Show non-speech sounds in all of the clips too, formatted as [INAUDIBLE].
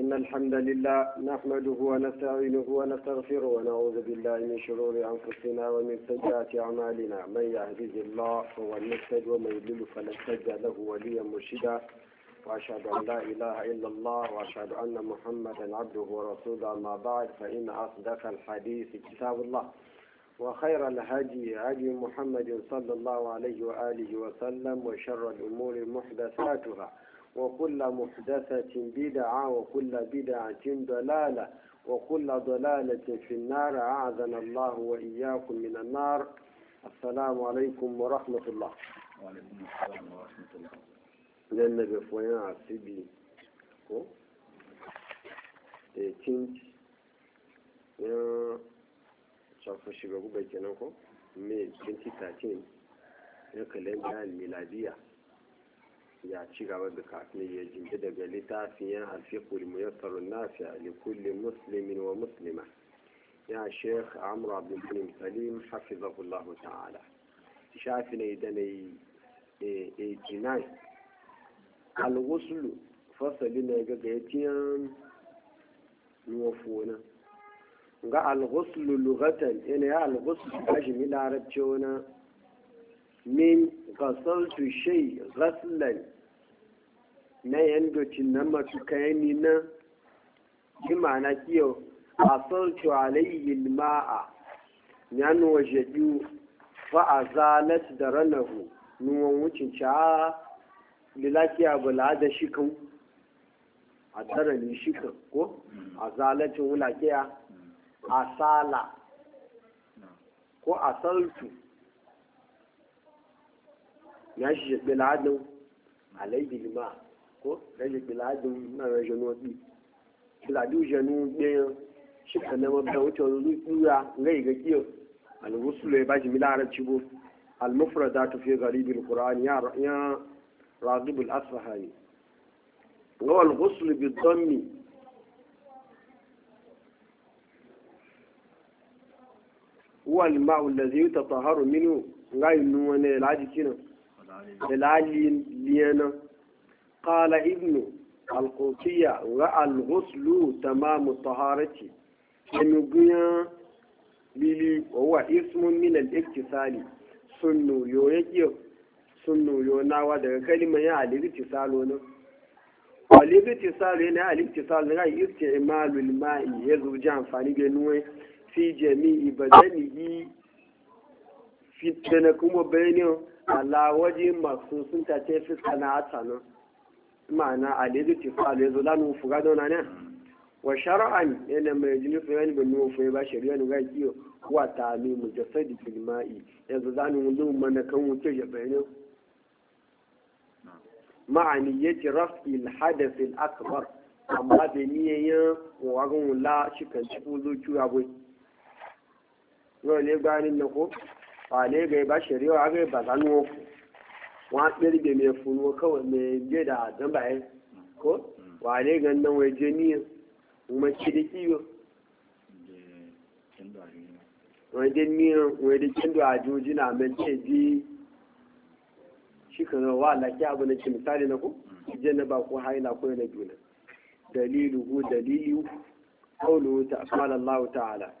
إن الحمد لله نحمده ونستعينه ونستغفره ونعوذ بالله من شرور أنفسنا ومن سيئات أعمالنا من يهده الله فهو المهتد ومن يضلل فلن تجد له وليا مرشدا وأشهد أن لا إله إلا الله وأشهد أن محمدا عبده ورسوله أما بعد فإن أصدق الحديث كتاب الله وخير الهدي هدي محمد صلى الله عليه وآله وسلم وشر الأمور محدثاتها Waƙula Musa ƙimbi da an Waƙula ƙimbi da an ƙin Ɗalala Waƙula wa iyaku Minna. Asalaamualeykum wa rahmatulah. a Sibi, ko? E! Cin yan shafin shi ba kuka gina ko? Mai ya ci gaba da kafin ya jinki daga littafin alfiqul muyassar nafi'a li kulli muslimin wa muslima ya sheikh amr abdul salim hafizahullah ta'ala shafi ne da eh, ne jinai alwuslu fasali ne ga gaitiyan nuwafona ga alghuslu lugatan ina ya alghuslu kashi mi larabci wani min gasaltu shay ghaslan na yando na matuka yani na ki ma'ana kiyo asaltu alayhi alma'a yan wajadu fa azalat daranahu nuwan wucin cha lilakiya bula da shikan a darani shikan ko mm. azalatin wulakiya mm. asala ko a saltu? ناجي بالعدو علي دي ما كو ناجي بالعدو ما جنو دي بالعدو جنو دي شيخ انا ما بدوتو لو يا غي غي الوصل باج ملا رتشبو المفردات في غريب القران يا يا راغب الاصفهاني هو الغسل بالضم هو الماء الذي يتطهر منه غير نوانه العادي كنا bilali liyana qala ibnu alqutiya wa alghuslu tamamu taharati emuguya lili wa ismun min al-iktisali sunnu yo yake sunnu yo nawa daga kalimar ya al-iktisalo ne al-iktisalo yana al-iktisalo ga istimalul ma'i yazo ji amfani da nuwe fi jami'i yi fitina kuma bayanin ala waje sun ta ce fi sana'ata nan ma'ana alidu tifalu fa zo lanu fuga dauna ne wa shara'an yana mai jini su yana bin nufu ba shari'a ne ga kiyo wa ta mi mu sai fil ma'i yanzu zanu mun dun mana kan wuce ya bayani ma'ani yace raf'il hadath al akbar amma da niyayen wa wula shi kan ci ku zo ciwa boy yau ne ganin na ko fale ga ba shari'a ga ba zanu wa dirge me funo kawai me je da dan bayan ko wale ga nan wai je ni kuma kidiki yo wai je ni wai da kendo a joji na men ce ji shi kana wa la ki abu na ci misali na ku ba ku haila ko na juna dalilu dalilu qawlu ta'ala Allah ta'ala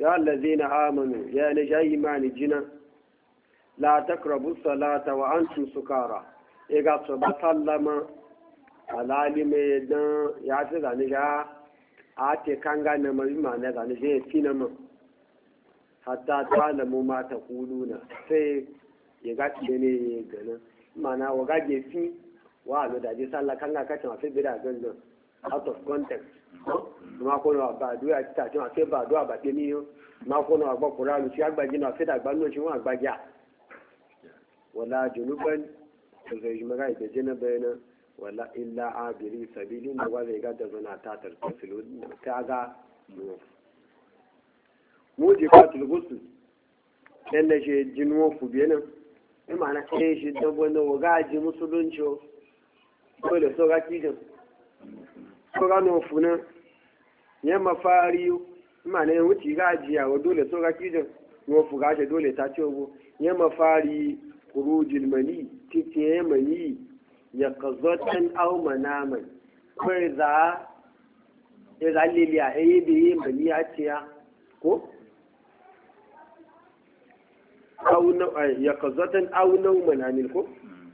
ya allazina amanu ya ne ja imani jina la takrabu salata wa antum sukara e ga so ba sallama alali me dan ya ce ga ne ja a te kanga na mai ma ne ga ne je fina ma hatta mu ma ta kuluna sai ya ga ce ne ganin mana wa ga je fi wa lo da je sallah kanga ka ta fi da bida ganin out of context ma ko na ba du ya ta jo ase ba a ba de ni yo ma ko na gbo qur'an ti agbaji na se dagba nu ti won agbaja wala junuban zai ji maga ida jina bayana wala illa abiri sabili na wa zai ga da zana ta tarfilu ta ga mu mu ji fatul gusul dan da shi jinwo ku biyana imana sai shi dabbo na waga ji musulunci ko da so ga kijin tsoga na ofunan ya mafari ma na wuce ga ajiya wa dole tsoga kijin wofu ga shi dole ta ce ogo ya mafari kurujin mani titi ya e mani ya kazotan au manaman kai e za ya e zalili a yi da yi mani ya ce ya ko ya kazotan au na anil ko hmm.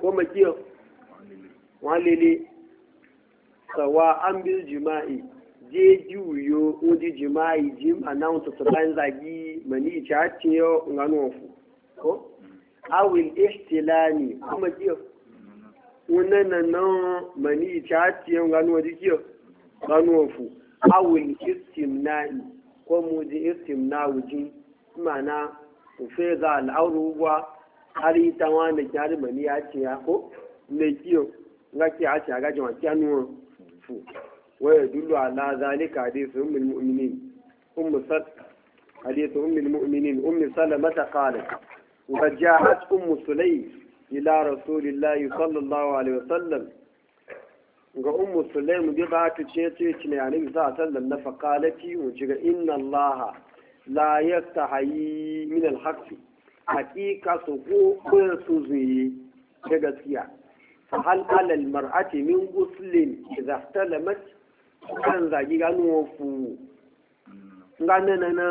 ko makiyar lele sawa an bil jima'i je juyo oji jima'i jim announce to ban zagi mani chatin yo ngano fu ko awil ihtilani kuma kiyo wannan nan nan mani chatin yo ngano waji kiyo ngano fu awil istimna'i ko mu ji istimna'u ji ma'ana ufeza wa har yi tawa da mani ya ce ya ko ne kiyo nga ki a ce a gajin wa kyanuwa الصف ويدل على ذلك حديث أم المؤمنين أم صد حديث أم المؤمنين أم سلمة قالت وقد wa ja'at um إلى ila الله sallallahu alaihi wa وسلم ga ummu sulaim bi ba ta ce ce ce ne annabi sallallahu alaihi wasallam na faqalati wa ce inna allah la yastahi min al-haqqi haqiqa su ko ko su zuyi gaskiya fahal alal mar'ati min guslin idza talamat kan zagi gano fu ngana nana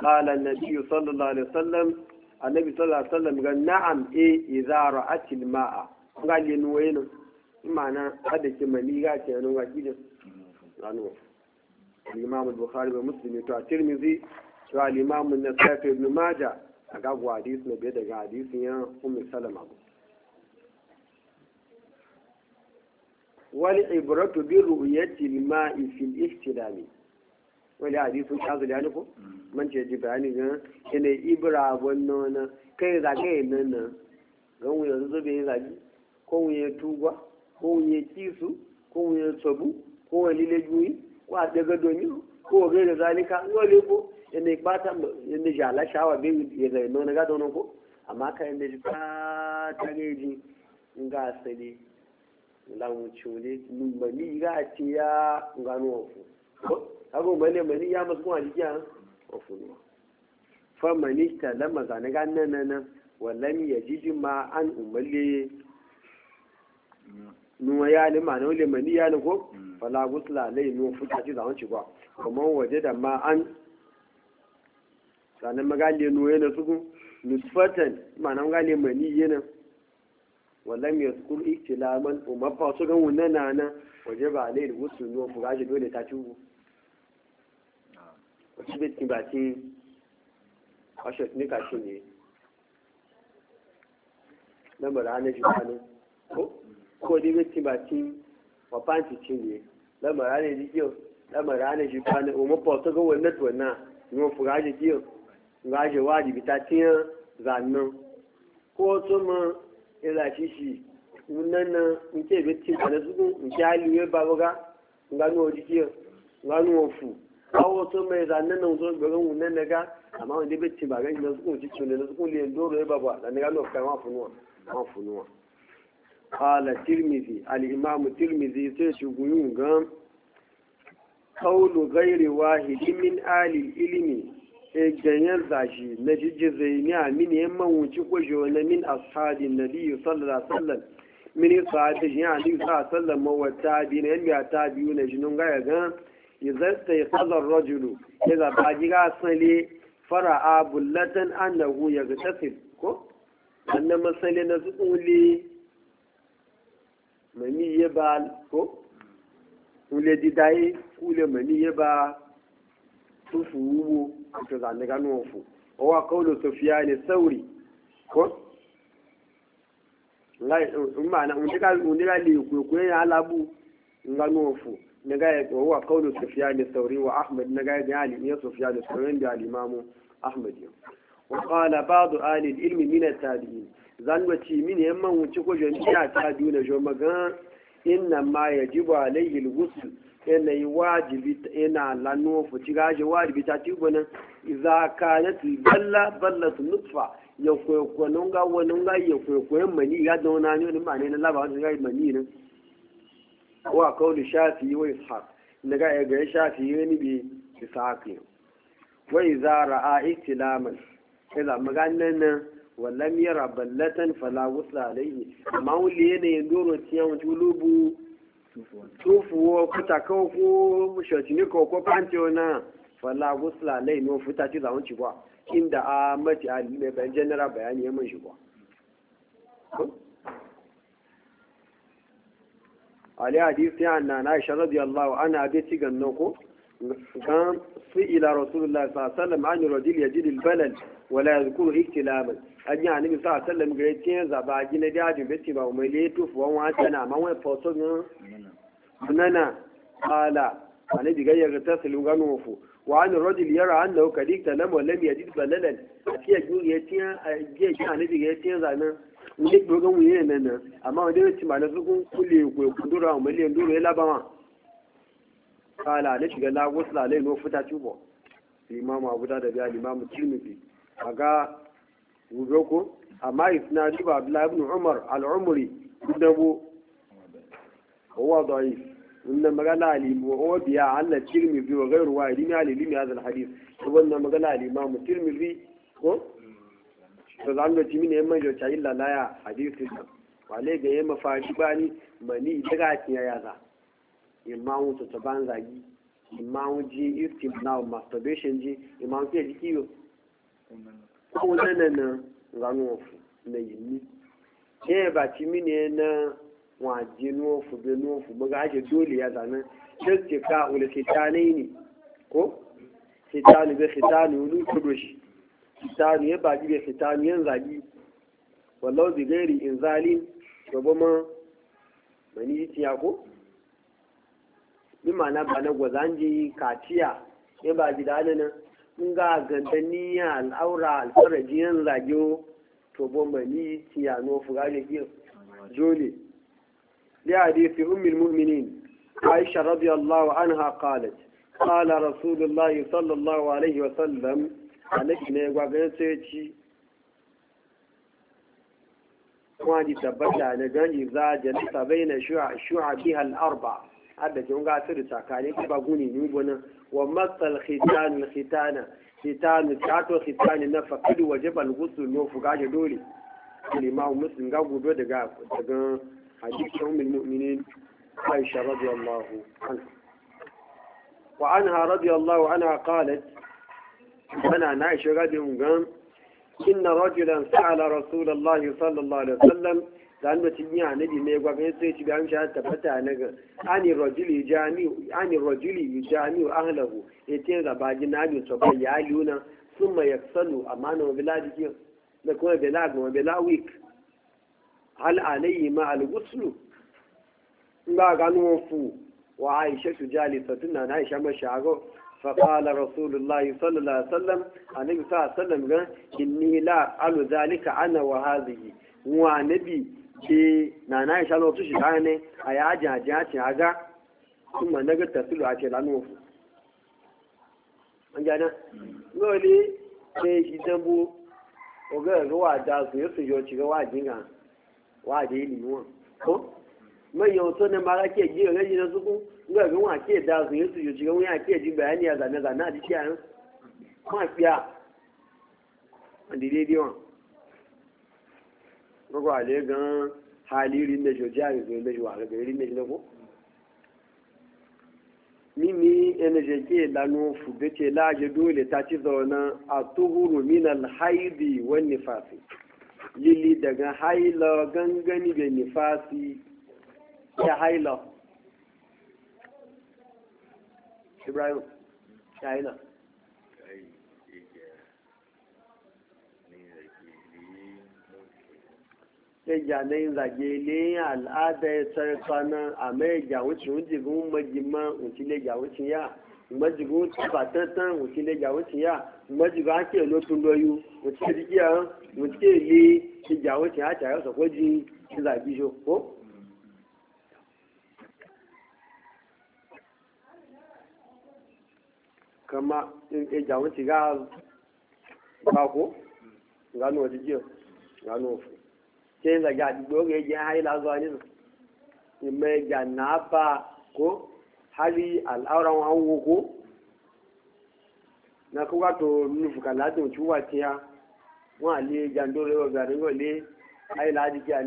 qala an-nabi sallallahu alaihi wasallam annabi sallallahu alaihi wasallam ga na'am e idza ra'ati al-ma'a ngali nuwayna imana kada ki mani ga ke nan ga gidan gano imam al-bukhari da muslim to at-tirmidhi to al-imam an-nasafi ibn majah aga hadisi ne daga hadisin a ummu salama wani ibratu bi ru'yati ma'i fil ihtilami wani hadisi ka zuri ani ko man ce ji ga ina ibra wannan kai za kai nan nan ga mu yanzu bai zagi ko mu tugwa ko mu kisu ko mu ya ko ko wani juyi ko a daga domin ko ga da zalika wani ko ina bata ina jala shawa bai ya zai nan ga donon ko amma kai ne ji ta ta ne ji ga asali lawon cole mani ga a ce ya gano wafu abu mane mani ya masu kuma jiki a wafu ne fa mani ta lama zane ga nan nan wallan ya jiji ma an umarle nu ya le ma le mani ya le ko mm. fala gusla lai nuwa fuka ci zawon ci ba kuma waje da ma an sanan magali nuwa yana suku nusfatan ma na magali mani yana walam ya sukuru iktilaman umarfa su gan wunan na nan waje ba alayhi wasu nuwa furashi dole ta cubu wasu bai ba ce ashe ne ka ne na mara ko ko bai ba ce wafanci ci ne na mara na jikiyo na mara na jimani umarfa su gan wunan tuwa na kiyo ta ciyar zannan ko su ila shishi nan na nke be ti kana su nke hali we ba boga nganu nganu ofu awo to me za nan na so gbe ngun nan daga amma wanda be ti ba ga ina su ko ti tune na le ndoro e baba da ne ga no kan wa funuwa wa funuwa qala tirmidhi al imam tirmidhi sai shi ga qawlu ghairi wahidin min ali ilmi E ganyen zashi na jijjizai ne a mini yan mawuci kwaje wani min ashabi na biyu sallar sallar mini sahabi shi ya ni sa sallar mawata biyu na yadda ta biyu na jinin ya gan izar ta yi sallar rajulu ya zaba gida sale fara'a bullatan annahu ya ga ko annan masale na su tsuli mani ya ba ko kule didaye kule mani ya ba tufu wubo to zanne gano fu o wa qawlu ne sauri ko ngai umana undika undika li kwe alabu ngano fu naga ya wa wa qawlu sufyan sauri wa ahmad naga ya ali ya sufyan sauri da al imam ahmad wa qala ba'd al ilmi min al tabi'in zanwaci min yamman wuce ko jami'a ta duna jo magan inna ma yajibu alayhi al-ghusl yanayi wajibi yana lanuwa fuci gashi wajibi ta ci gwanin iza ka na balla balla su nutfa ya kwaikwanon ga wani ga ya kwaikwayon mani ga da wani ne mani na laba wani ga mani ne wa kawai shafi wa ishaq na ga ya gaya shafi ya ni bi ishaq ne wa iza ra'a ihtilaman iza maganan nan wallam yara ballatan fala wusla alayhi amma wuli yanayin doro tiyan lubu. tufuwo kuta kawo ko shajini ko ko pantiyo na falla gusla lai no futa ci zaun ci kwa inda a mati ali mai bayan general bayani ya mun shi kwa ali hadisi ya anna na aisha radiyallahu anha abi ci ganno ko kan su ila rasulullah sallallahu alaihi wasallam an yurdi yajid albalad wa la yadhkuru ihtilaman an ya annabi sallallahu alaihi wasallam gare tin zaba gina dajin beti ba mai le tufuwan wa tana amma wai fotogun nana ala diga gayya ta salu gano wofu wa an rajul yara annahu kadikta lam wa lam yajid balalan atiya ju ya tiya ya ji annabi ga tiya zana ne dogon wuye nan nan amma wanda ya ci ma na kun kule ko kudura mu miliyan duro ya labama ala ne shiga lagos lalai no futa tubo imam abu da da imam tirmidhi aga wuroko amma isna ba abdullahi ibn umar al-umri dubu huwa da'if wannan magana alimu wa biya Allah tirmidhi wa ghayru wa ilmi alimi hadha alhadith to wannan magana alimamu tirmidhi ko to zan ga jimi ne mai jota illa la ya hadithu wale ga yema fashi bani mani daga tiya ya yaza. imamu to ta ban zagi imamu ji istimna masturbation ji imamu ke ji kiyo ko nan nan zanu na yimi ke ba jimi ne na waje nufu da nufu ba ga ake dole ya zanen shirke ka ula khitanai ne ko khitanu bai khitanu wani kudo shi khitanu ya baki bai khitanu yan zagi wallau bi gairi in zalim gaba ma mani itiya ko bi ma'ana ba na gwazanji kaciya. ya ba gida nan in ga gandaniya al'aura alfarajiyan zagiyo to bomba ni tiya no fuga ne jole لحديث أم المؤمنين عائشة رضي الله عنها قالت قال رسول الله صلى الله عليه وسلم عليك نيغوغن سيتي wani tabbata na gani za jalisa bai na shu'a biha al'arba hadda ke wunga sirri tsakanin ki baguni ni gona wa matsal khitan khitana khitan tato khitani na faqid wajib al dole limamu muslim ga gudo daga A أم المؤمنين عائشة رضي الله عنها وعنها رضي الله عنها قالت أنا عائشة رضي الله إن رجلا سأل رسول الله صلى الله عليه وسلم dan mutum ya nabi ne gwa ganin sai ci bayan shahada tabbata na ga ani rajuli jami'u ani rajuli jami'u ahlahu yace da baji nabi to bai ya yuna summa yaksalu amana wa biladi na kuma bilag wa bilag hal alayhi ma al-ghuslu ba gano fu wa aisha su jalisa tunna na aisha فقال رسول الله صلى الله عليه وسلم النبي صلى الله عليه لا أفعل ذلك أنا وهذه ke na na isha na shi ta ne a ya aji aji aga na gata ta a ce lanu ofu an gana lori shi dambu ga da su yi su yi wa da ilimi wa ko manyan wato ne ma ake ji ga gaji suku ga ga wa ke da su yusu yuci ga wani ake ji bayani ya zane zane a jiki a yan kuma fiya a dide diwa gogo ale gan hali rin da joji a yanzu da jiwa ga rin da shi na ko mimi energy ke lanu fude ce dole ta ci zaune a tuhuru min wani nifasi lili daga hailo gangani da nifasi ya hailo ibrahim ya ẹjà ní yin zage ne sẹrẹsánà àmọ ẹjà ó ti ń dìgún mọjìmọ òtílẹjà ó ti yá ìmọjìgún tìbà tẹtàn mọ́jì bá kí ẹ̀ ló tún lọ́yú mo ti kéde kí mo ti kéde lé ìjà àwọn tí a àyọ̀ sọ̀kọ́ di ìlà ìjà àwọn tí ká bá kó ìgbàanú ọdí díẹ̀ ṣé ń lọ́jà àdìgbò ó kẹ́ jẹ́ ayé lásán nínú ìmọ̀ ìjà náà bá kó hali kó. na ko to nufu kala to chuwa tia wa le jandore wa ga ngo le ai la di kya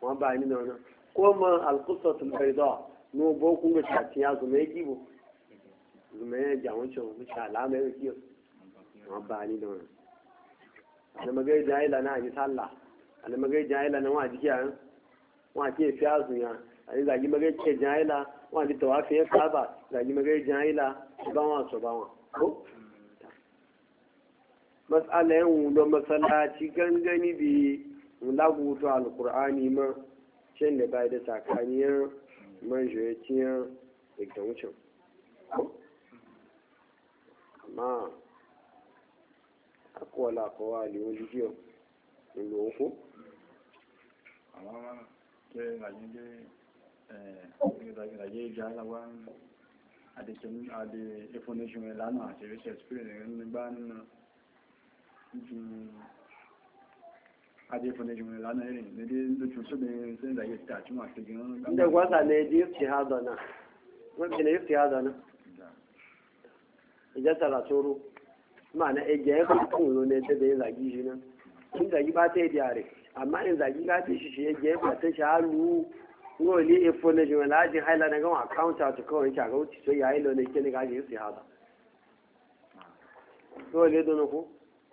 wa ba ni no no ko ma al qissatul bayda no bo ku ga cha tia zo me ki bo zo me ja won cho mu cha la me ki wa ba ni no na magai jahila na ji sallah ana magai jahila na wa ji kya wa ke fiya zuya ani zagi magai ke jahila wa ji tawafin saba zagi magai jahila ba wa so ba wa ko matsala yan wudo masallaci gangani bi lagutu alkur'ani ma can da bai da tsakaniyar manjoyaciyar da wucin amma akwai lafawa ne wani jiyo inda uku amma ke rage dai eh, rage jalawa a da ifo nation lana a service experience ba nuna da na wani ne yufti hazo na ija taratoro ma na ege ya fi kuro ne ta da yin zagi na, nan in zagi ba ta yi diyare amma in zagi ga ta shi shi ege shi na ajin haila na gama account out kawai a gauti so yayi lo ne ke ga ji yufti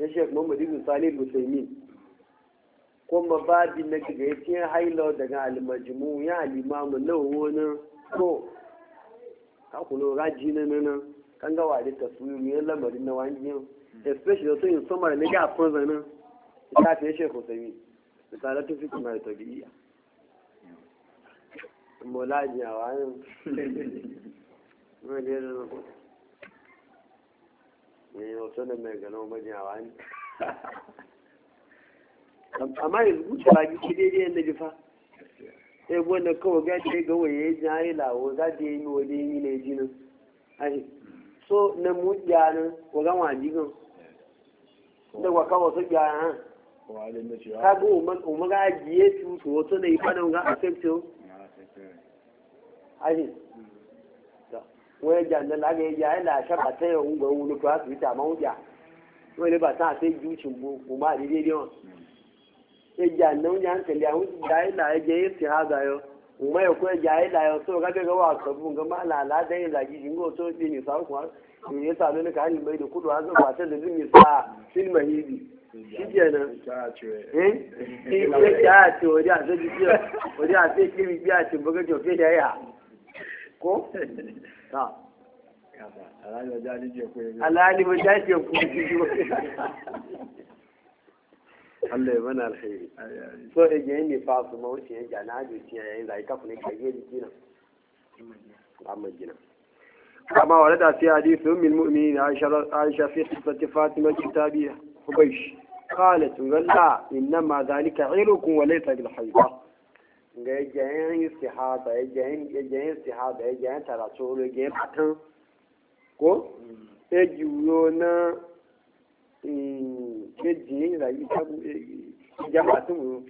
ya shek muhammad ibn salih musaimin kuma babi na ga ya ce hailo daga almajmu ya alimamu lawo na to ka kuno raji na nan kan gawa da taswiri ya lamarin na wani yau especially sun yi samar na ga fun zanin ita ta shek musaimin misalan tafi kuma da tabi'iyya molajiyawa ne wani [LAUGHS] yadda na ne eh, hoto da mai gano majiyawa ne amma yanzu wuce ba gidi daidai yadda jifa sai buwan da kawai ga ce ga waye ya yi lawo za ta yi wa wani yi ne jinin ai so na mu gyanin wa gama jigan da wa kawo su gyanin ka ga umaga ajiye su wato na yi fadon ga a ahi wọ́n ẹja ní lága ẹja ẹ̀ là ṣàbàtẹ́ òun gbọ̀n òun ló fẹ́ àtúntà àmọ́ òun jà wọ́n lè bàtà àti ìjú ṣùgbọ́ kò má rí rí wọn. ẹja ní ń tẹ̀lé àwọn ìjà ẹ̀ là ẹja ẹ̀ sì hàgà yọ òun ẹ̀kọ́ ẹja ẹ̀ là yọ tó kábẹ́kẹ́ wà sọ nǹkan má là aládẹ́ ìlàjì ṣùgbọ́n tó ṣe ní ìsàkùn ìyẹn sàlọ àti àti àti àti نعم. الله يبارك فيك يا ابو جاد الله يمن الخير سو اجيني فاطمه وشي جانا جوتي يا اي ذاك كن كاي دينا اما جينا كما ولد في حديث ام المؤمنين عائشه عائشه في حفظه فاطمه كتابيه حبيش قالت ولا انما ذلك عيركم وليس بالحيضه ga yajayen istihaba yajayen istihaba yajayen tarasoro yajayen patan ko eji mm. wuyo na mm, keji yin rayu tabu ija patan wuyo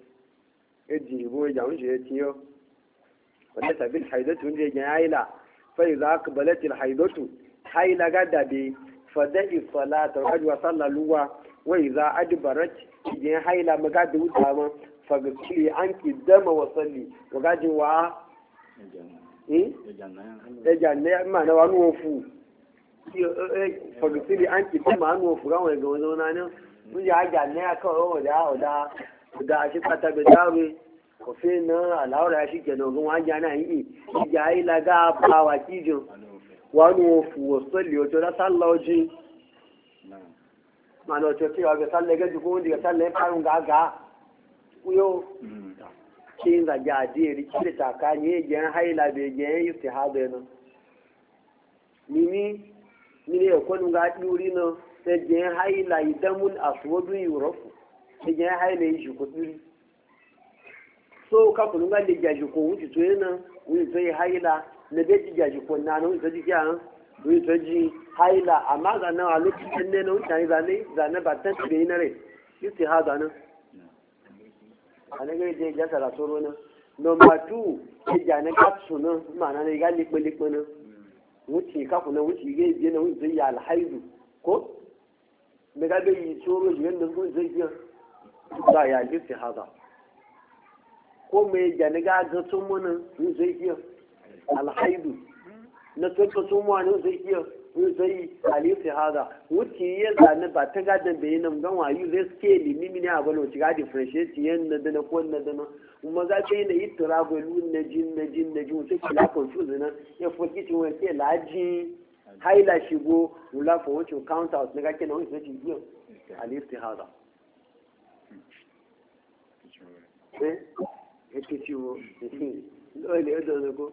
eji ibo ija wunshi ya tiyo wanda sabi haidatu ndi yajayen haila fai za ka balati haidatu haila ga dabe fada isalata wajen wasan laluwa wai za adibarat yajayen haila maga da fagisili an ki dama wa salli to gaji wa eja ne ma na wani wofu fagisili an ki dama wani wofu ran wani gawa zauna ne mun ji a kawai wada wada da a shi kata bai dawe kofi na alawar ya shi ke dogon yi ya yi laga ba kijin wani wofu wa kuyo mm. kin da jajiri kire ta ka ni gen haila be gen istihada no mimi ni ni ne ko nu ga duri no se gen haila idamun aswadu yurafu se gen haila yi ko duri so ka kunu ga le jaji ko wuti to yana wuti to yi haila ne be ji jaji ko na no to ji kya wuti to ji haila amma ga na a lokacin ne no wuti zane zane ba ta tire ne re istihada no anagari je ja sara soro na number tu ke ja ne na kapsu na ma'ana na ne ga lipe lipe na wuce kaku na wuce ga ibe wuti wuce ya alhaidu ko me ga be yi soro jiyan da zuwa zai biya ba ya lifti haza ko me ja ne ga ga sun mana zai biya alhaidu na tsaka sun mana zai biya zai halifi haza wuce ya zane ba ta gadon bai nan gan wayu zai suke limimi ne a bano shiga differentiate yan na dana ko na dana kuma za ta yi na yi turagwalu na jin na jin na jin wuce kila confuse na ya fulki cin wani sai laji haila shigo wula for wuce count out na gake na wuce zai ci biyan halifi haza. Hmm. Eh, ya ce ciwo, dole ya zaune ko.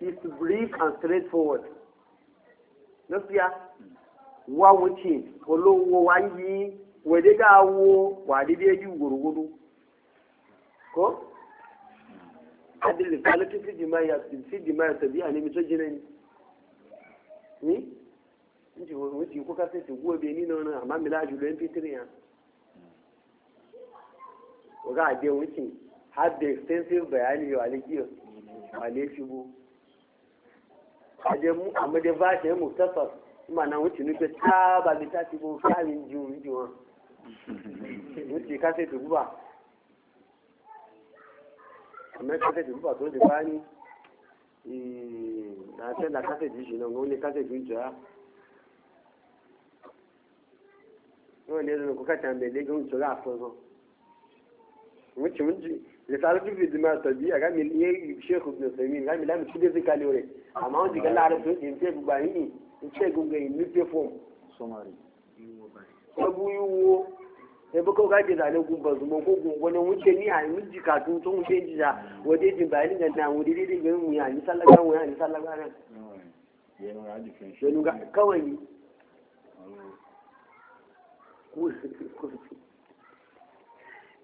is to brief and straightforward. Gaskiya, wa wuce, olowo wa yi, wade ga wo, wa daidai yi gurgudu. Ko? Adil lisalati fi jimaya, fi jimaya tabi'a ne mito jina ne. Ni? ni? Nci wuce kuka sai su gobe ni na wani amma mila julo yin fitiri ya. Waga de wuce, har da extensive bayani yau a likiyar, a lefibu. àjẹmú àmọdébá àjẹmú tẹfà màná wọn ti ní pé táàbà mi tá ti bọ káàmì ju orí ju wọn wọn ti kásẹ̀ tó búbà àmọ́ kásẹ̀ tó búbà tó lè bá ní àtẹ́là kásẹ̀ tó jù náà wọn lè kásẹ̀ tó jù á. wọn lè lọ kó kàtà mẹ́lẹ́gẹ́ ń jọra àfọ́ wọn risalatu fi dima tabi aga mi ye sheikh ibn samin ga mi la mi tude se kali ore ama on diga in te bu bayi ni in te gu ngai mi fom somari ko bu yuwo e bu ga je zale gu ba ko gu wona wuce ni ai mi jika tun tun wuce ji ja wode jin bayani ga na wode dai dai mu ya ni sallaka mu ni sallaka ran yenu ga kawai ni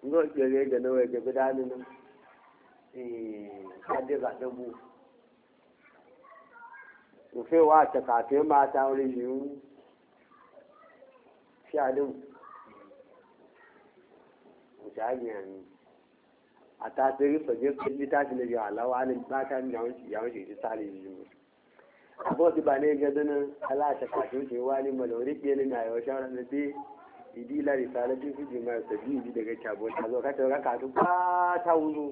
ngo tsere e eh, ga nawa ga bidanin eh hadde za da bu to fe wa ta ka fe ma ta wuri yu sha dun mutajiyan a ta tsere faje kulli ta tile ya alawa alin ba ta ni yawon yawon shi ta le yi abu ti ba ne ga dana ala ta ka shi wani malori ke ne na yawon shawarar da idi la risalatin fi jima'a sabi idi daga kyabo ta zo ka ta ka tu ba ta wuzo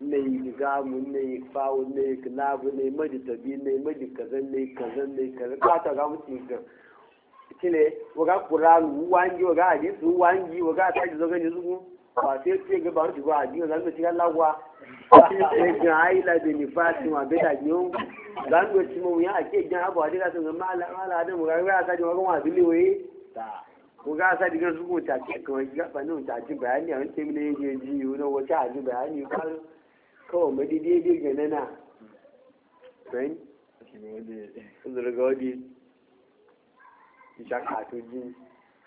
ne ga mun ne fawo ne kilabu ne maji tabi ne maji kazan ne kazan ne kazan ka ta ga mutum ga kile waga qur'an wangi waga hadisu wangi waga ta ji zo ga ni zugu ba sai ce ga ba shi ba hadin zan ci Allah wa sai ga aila da ni fatima be da yo zan go ci mu ya ake gan abu hadis ga mala mala da mu ga ga ta ji waga wa dile we ta ko ga sa diga su ko ta ke ko ga ba banu ta ji bayani an ce mun je ji yau na wata a ji bayani ko kan kawai madi dai dai ga nana ben ja ka to ji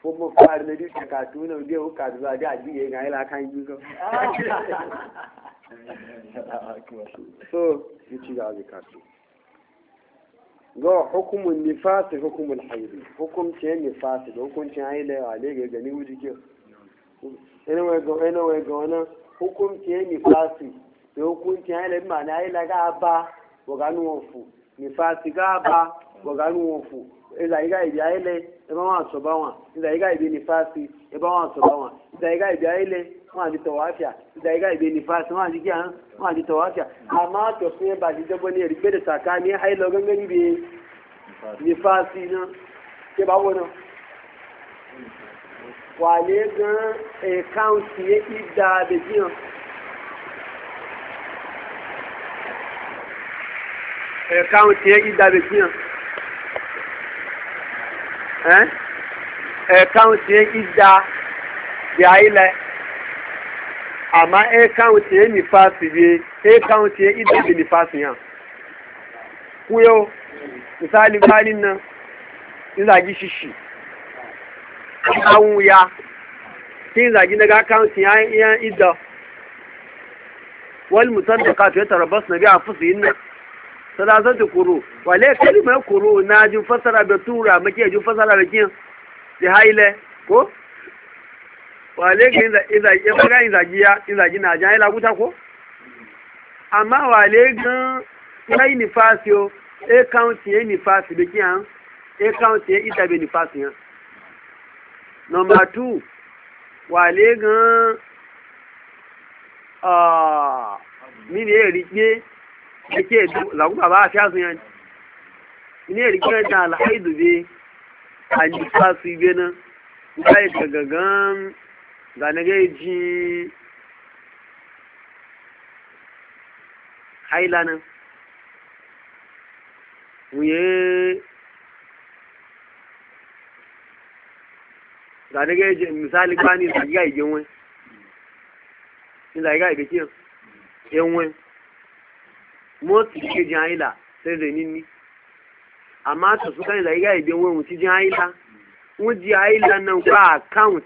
fo mo far ne di ka to na dai o ka za da ji ga ila kan ji ko so ki ci ga ga ka ga hukumun nifasi hukumun haidi hukumcin nifasi da hukuncin haila ya ne ga gani wuji ke anyway ga wani hukumcin nifasi da hukuncin haila ma na haila ga ba wa ganu wofu nifasi ga ba wa ganu wofu ila iga ibi haila eba so bawa, wa ila iga ibi nifasi eba wa so ba wa ila iga ibi haila wọ́n àti tọ̀wáfíà ìdáyíká ìgbé nífàsí wọ́n àti kíá wọ́n àti tọ̀wáfíà àmọ́ àtọ̀ fún ẹbà àti ìjọba ní ẹ̀rí gbẹ́dẹ̀ sàká ní àìlọ gẹ́gẹ́ níbi nífàsí náà ṣe bá wọ́n náà. wà lé gan ẹ̀káùntì ìdá àbẹ̀jì hàn. ẹ̀káùntì ìdá àbẹ̀jì hàn. ẹ̀káùntì ìdá àbẹ̀jì hàn. àmá ẹ káwọn tiẹ̀ mi fa síbi ẹ káwọn tiẹ̀ ìdíje mi fa misali báyìí náà nzàgí ya tí nzàgí náà ká káwọn tiẹ̀ ya ìdọ̀ wọ́n mú sọ́dọ̀ ká tó yẹ tọrọ bọ́sùn náà bí àfúsù kuro náà sọ́dọ̀ kúrò wà ju fọ́sára bẹ̀ túwúrà mẹ́kẹ́ ju fọ́sára bẹ̀ kí wale ga izagi ya faga izagi ya izagi na jan ila guta ko amma wale ga kai ni fasio e count ye ni fasi be kiyan e count ye ita be ni fasi yan number 2 wale ga ah mi ni eri pe e ke du la ku baba afi asun yan ni eri pe da alhaidu be alifasi be na kai gagagan zanage ji haila nan wuye zanage ji misali kwani zagiga igenwe nwe zagiga ige enwe moti ke ji haila sai zai nini amma ta suka yi zagiga igenwe nwe wuci ji haila ji haila nan kwa account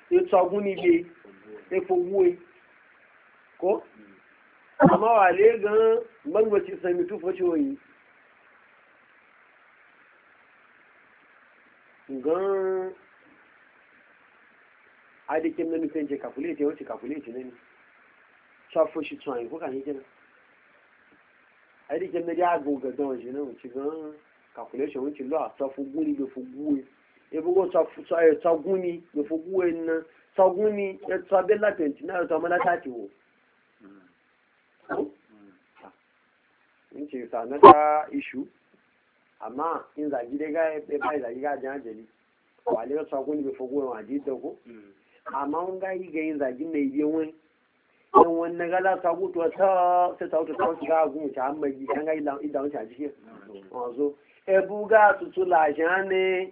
ètò agún níbi epo wúwe kó àmọ́ wà lé gan-an ti sẹ́mi tó fọ́ṣọ́ gan adikin na nufin je kafuleti wace kafuleti ne shafo shi tun ayi kuka yake nan adikin na ja goga don waje nan gan kafuleti wace lo a ta fugu da fugu ebugo tsaguni eh, da fuguwen nan tsaguni ya eh, tsabe latinci na yata mana tati wo hmm. hmm. hmm. nti sa na ta ishu ama in zagi dai ga ya eh, bai zagi ga jan jeli wale ya tsaguni da wa waje da ku amma in ga yi ga yin zagi mai biyan won yan wani na gala ta gutuwa ta ta wuta ta wasu ga gu ta amma yi kan ga idan wuce a cikin wazo ebuga tutu jane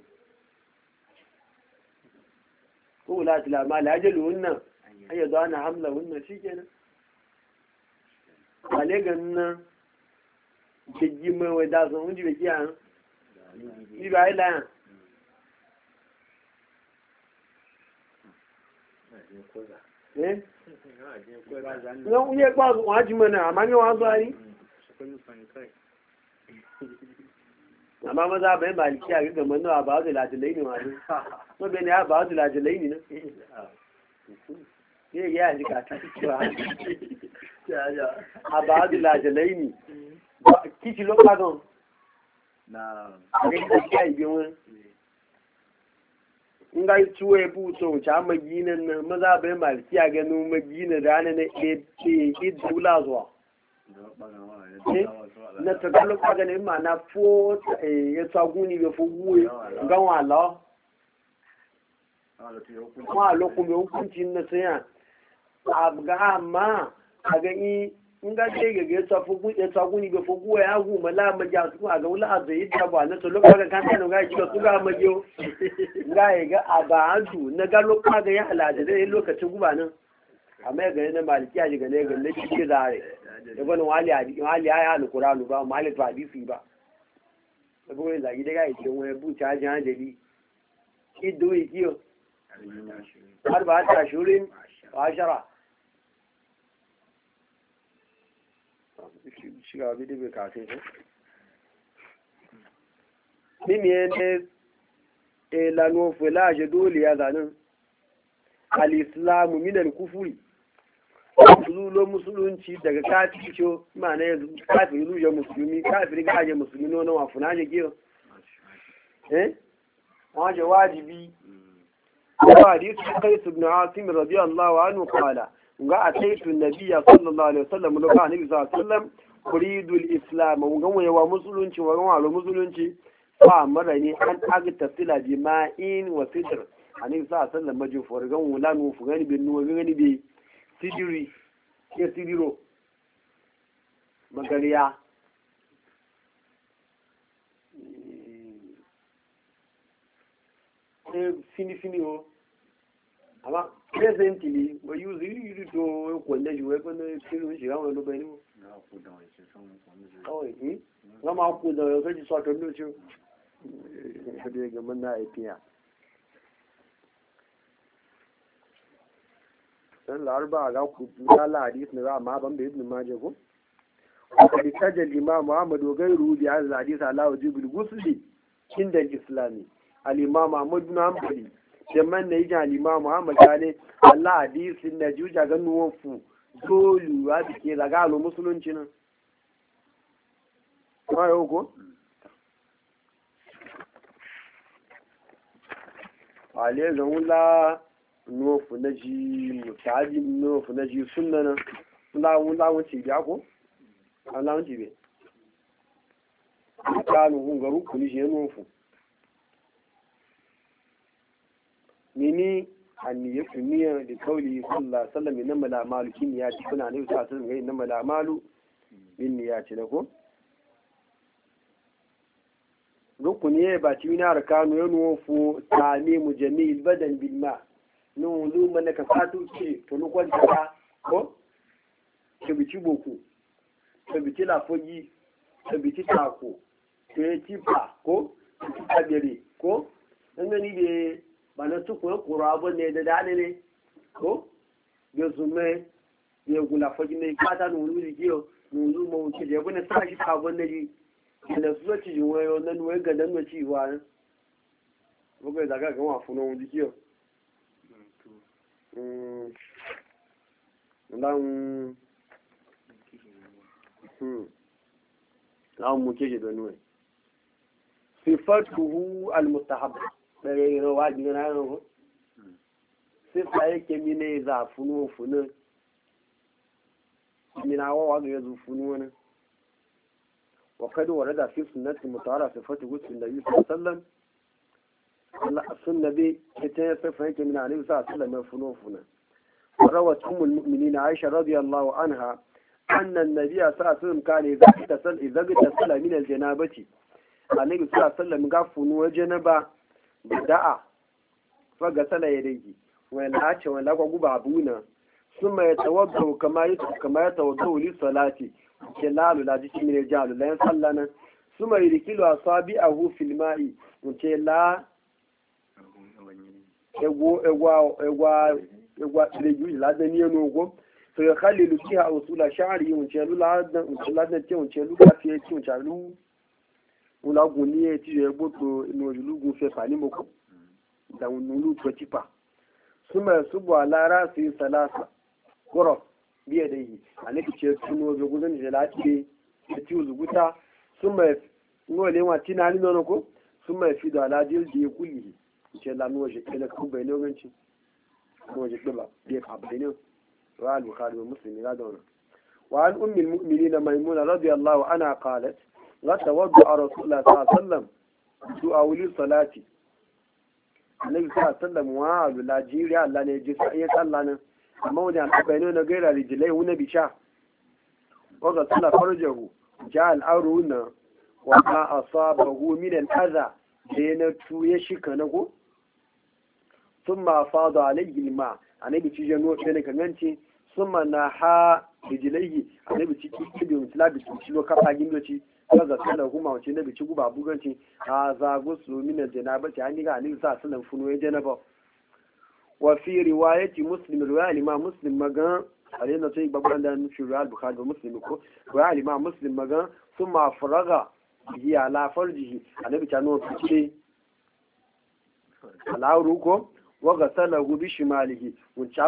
ko wula tila ma lajalu wannan an yanzu na hamla wannan shi kenan ale ganna jiggi mai wai dasan hunji bai kiyaye ni ba yi layan eh yan uye kwazo wajibi mana amma ne wazo ari amma maza bai maliki a gaga manno a ba su lajilai ne wani so bai ne a ba su lajilai ne na? ta cewa a ba su lajilai ne kici lokacin na a gaga ta yi wani in ga ciwo ya fi wuce wuce maginan nan maza bai maliki a ganin maginan ranar na ɗaya ɗaya ɗaya ɗaya zuwa Eh, na tagalo kwaga ne ma na fo eh, ya tsaguni be fo wuwe gan wala ma lo ku me hukunci na tsaya abga amma aga yi in ga ce ga ya tsafu ya tsaguni be fo wuwe ya gu mala ma ja su aga wala azayi da ba na tsalo kwaga kan tano ga ki su ga ma jo e ga ga abadu na ga lo ya halaje dai lokacin gubanin amma ya gane na maliki ya shiga ne ga na cikin zare ya bani wali ya yi alkuranu ba malik ba hadisi ba da bukwai zagi daga ya cikin wani buce hajji hanjali iddo yi kiyo har ba ta shirin ba shara shiga bi da kafin su mimi ne eh, dole ya zanen al-islamu minal kufuri zulo musulunci daga kafin kafirco ma'ana yanzu kafin zuje musulmi kafin ga aje musulmi nonon wa funa aje giyo eh waje wajibi wa hadithu qais ibn asim radiyallahu anhu qala ga ataitu nabiyya sallallahu alaihi wasallam lo ga nabi sallallahu alaihi wasallam uridu al-islam wa musulunci wa ga wa musulunci fa mara ni an agta sila bi ma'in wa sidr ani sallallahu alaihi wasallam majufu ga wala mu fugani bin nuwa gani bi sidiri ke sidiro magariya fini-fini o àmá pẹ́sẹ̀ntì ni mo yíò sí yíò tó ẹkùn ẹ̀lẹ́jù ẹgbẹ́ náà kí ló ń ṣe láwọn ẹlọ́bẹ̀ ní wọ́n máa kó dàn ẹ̀ṣẹ́ sọ́tọ̀ ní oṣù ẹgbẹ́ gẹ̀mọ́ náà ẹ̀pìyàn san larba ga ku dula la hadis ne za amma ban da ibn majah ko wakadi tajal imam muhammad wa gairu bi hadis hadis ala wajibul ghusli inda islami al imam ahmad bin hanbali da man ne ga al imam muhammad kale allah hadis ne juja ga nuwan fu dole wa bi ke daga al musulunci nan ayo ko ale nufu na ji mutaji nufu na ji sunna na lawun lawun ci biya ko an lawun ci biya kanu hun garu kuni je nufu mini anniya kuniya da kauli sallallahu alaihi wasallam inna mala malu kin ya ci kuna ne sallallahu alaihi wasallam inna mala malu bin ya ci na ko rukuni ya ba ci wani arkanu ya nufu mu jami'il badan bil ma' nuzu mana ka fatu ce to lukon ta ko ke bici boku ke bici lafogi ke bici tako ke kifa ko ke kabiri ko dan gani da ba na su koyo kura abu ne da dane ne ko ya zume ya gula fogi ne kata nun zu ji yo nun zu mu ke da bane sa shi kabon ne ji da su ci jin wayo nan wai ga dan ci wa ne ko ga daga ga wa funo ji yo láwọn láwọn mú kéje lọ́nu ẹ̀ sifatuhu almustahab bẹ̀rẹ̀ ẹ̀rọ wa jìnnà ẹran wọn sífà yẹ kémi ní ìzà fúnú fúnú ìmìnà wọ́n wà gẹ̀ẹ́ zu fúnú wọn وقد ورد في sunna be ita ya sai fahimta min alaihi sa sallam ya funo funa rawat ummul mu'minin aisha radiyallahu anha anna an-nabiyya sa sallam kana idza tasal idza tasalla min al-janabati alaihi sa sallam ga funo janaba da'a fa ga sala yadayki wa la ce abuna summa yatawaddu kama yatu kama egwa egwa egwa egwa tireju lada ni enu ogo to ya khalilu fiha la, sha'ri un chelu lada un chelu lada ti un chelu ka ti ti un chalu gun ni e ti egbo to inu gun fe fa ni moko da un nulu to tipa suma subu ala rasi salasa goro biye da yi aniki ce tuno zugudun jelati da ti uzuguta suma ngole wa tinani nono ko suma fi da ala jil di kulli ce lami waje jikin da kuma bai loganci kuma waje ba bai ka bai ne wa al-bukhari wa muslim ya da wa an ummul mu'minina maimuna radiyallahu anha qalat la tawaddu rasulullah sallallahu alaihi wasallam du'a wuli salati annabi sallallahu alaihi wasallam wa al-lajiriya Allah ne ji sai sallah nan amma wani alƙabai ne na gaira rijilai wani bisha wanda suna farjahu ja al'aru na wa ma asabahu min al-adha da ya na tuye shi ka na ko sun ma fado alayhi ma a na bici jan ɗaya ka ganci sun ma na ha bijilayi a na bici kibi mutila bici cilo kafa gindoci ta ga kana kuma wace na bici guba buganci a zago su minar janaba ce an yi ga alayhi sa sunan funo ya janaba wa fi riwayati muslim riwaya imam muslim magan na sai babban da nufi riwaya bukhari da muslim ko riwaya imam muslim magan sun ma faraga bihi ala farjihi annabi ta nuna fice alawru ko waga sana gubi shimalihi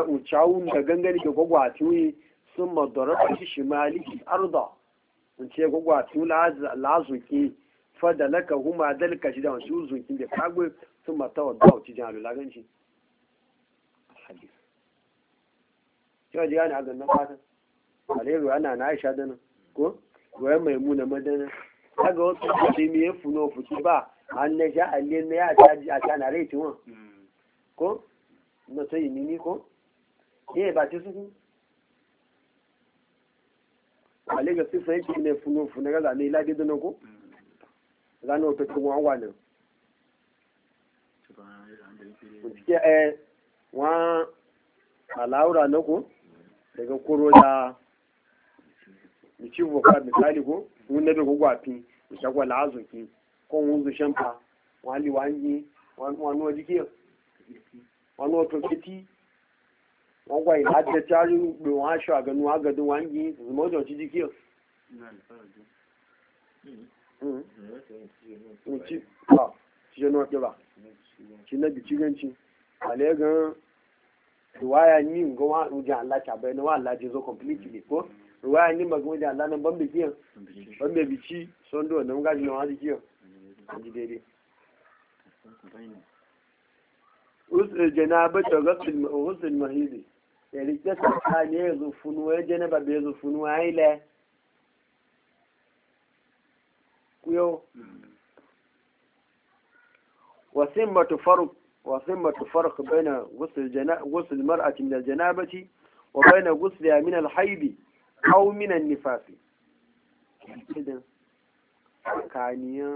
wucawun da gangani ga gwagwati wuyi sun madara shi shimalihi arda wuce gwagwati lazuki fada laka huma dalka shi da wasu zuki da kagwe sun matawa da wuce jan ganci. cewa ji gane a gannan fatan alheru ana na aisha dana ko wayan maimuna madana kaga wasu da mai funofu funo ba an na sha alle na ya a ta na rai tiwon mm. ko na to yimini ko ye ba ti suku ale ga sifa yake ne funu funu ga zane ladi dana ko mm. zane o tutu wọn wà nan òtítẹ́ ẹ wọ́n aláwòrán náà ko mm. daga koro da michivu ka misali ko wun na da gugwa fi misagwa azuki. ko wunzu shampa, fa wani wani wani wani wani wọn lọ tó kétí wọn gba ìlà tẹtí pé wọn aṣọ àgẹnu agẹdẹ wọn ń yí ìmọ̀jọ̀ ti di kíọ̀. Nci ba, ci na ruwaya ni ga wa ujan Allah ta bai wa Allah je zo completely ko ruwaya ni magana da Allah nan kiyan ban bi bici son do nan gaji na wa ji kiyan ji daidai usul janaba da ghusl ghusl mahidi yani ta ta ne zufun wa e janaba be zufun wa ila kuyo wa thumma tufarq wa thumma tufarq baina ghusl janaba ghusl mar'ati min janabati wa baina ghusl ya min al-hayd aw min an-nifas kidan kaniya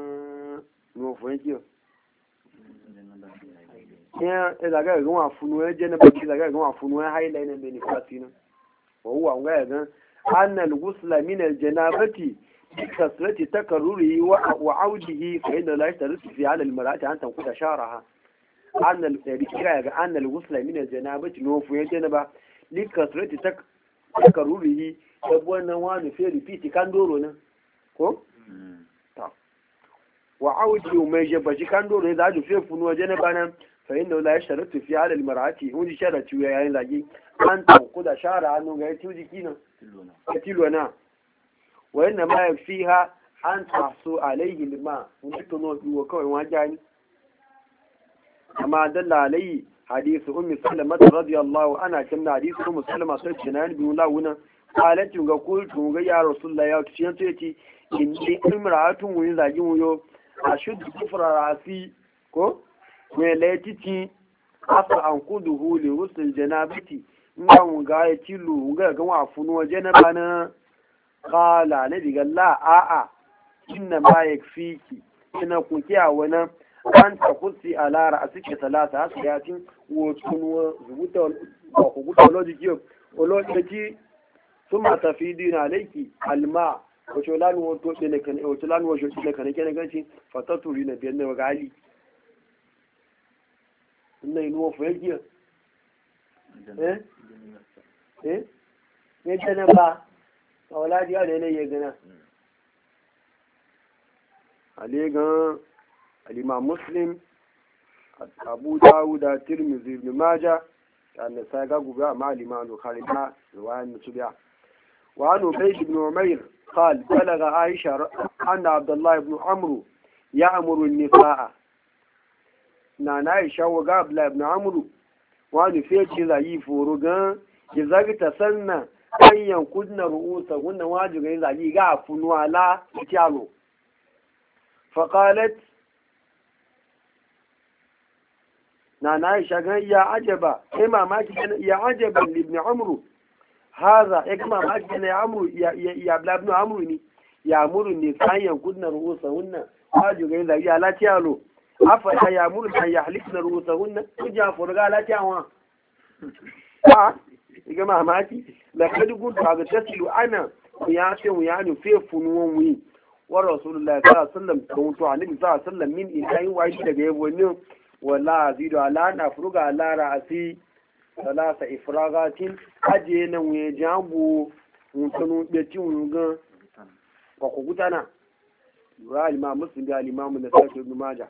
no fuente yan ezaga e e ga wa funu ya jana baki ezaga ga wa funu ya haila ne ne fasi nan wa huwa ga ga anna al-ghusla min al-janabati kasrati takarrurihi wa audihi fa inna la yashtaritu fi ala al-mar'ati an tanquda e min no fu ba li wa fe kan doro na, ko mai kan doro fe funu ba fa'in da ya sharatu fi halal mar'ati wani sharatu ya yayin lage an ku da shara hannu ga ya tuji kinan A tilona wa inna ma ya fi ha an a alaihi lima wani tuno biyu kawai wa gani amma dalla alaihi hadisu ummi sallama radiyallahu ana kinna hadisu ummi sallama sai kinayen biyu lawunan halattun ga kultu ga ya rasulullah ya kishin to yace inni imra'atun wani zagin wuyo a shuddu kufra rasi ko mai laitici asa an kudu huli rusul janabati nga mu ga ya kilu ga ga wa funo janaba na qala na diga la a a inna ma yakfiki ina ku kiya wannan an ta kusi ala ra'siki salata asu ya tin wo tunwa zubuta wa ku gudu sun yo logic suma tafidina alayki alma ko cholan wo to ne kan o cholan wo ne kan kan kan shi fatatu ri na biyan ne gali nne inu ofu eji eh eh eje ne ba ọ̀la di ọ̀rẹ́ ilé yẹn gana alẹ́ gan alima muslim abu dawuda tirmidhi ibn majah kana saga gubra ma alima no kharina riwayat mutubia wa anu aisha anna abdullah ibn amru ya'muru an-nisaa na na aisha wa ga abdullahi ibn amru wa ni fe ce zayi foro gan ki zagi ta sanna an yankudna ru'usa kunna waji ga zayi ga funuwa la tiyalo faqalat na na aisha gan ya ajaba kai mamaki ya ajaba ibn amru haza ya kuma mamaki ne ya ya ya abdullahi ibn amru ne ya amru ne kan yankudna ru'usa kunna waji ga zayi ala tiyalo afala ya muru ta ya halik na rubuta hunnan kuja furga lafiyawa a iga mamaki da kadi gudu a ga tasiru ana ya ce mu ya fe funuwan wi wa rasulullahi sallallahu alaihi wasallam ta mutu annabi sallallahu alaihi wasallam min ilahi wa shi daga yabo ne wala azidu ala na furuga ala ra'asi salasa ifragatin aje nan we jango mutunu da cin gan ko ku gutana wa al-imam muslim da al-imam an-nasa'i ibn majah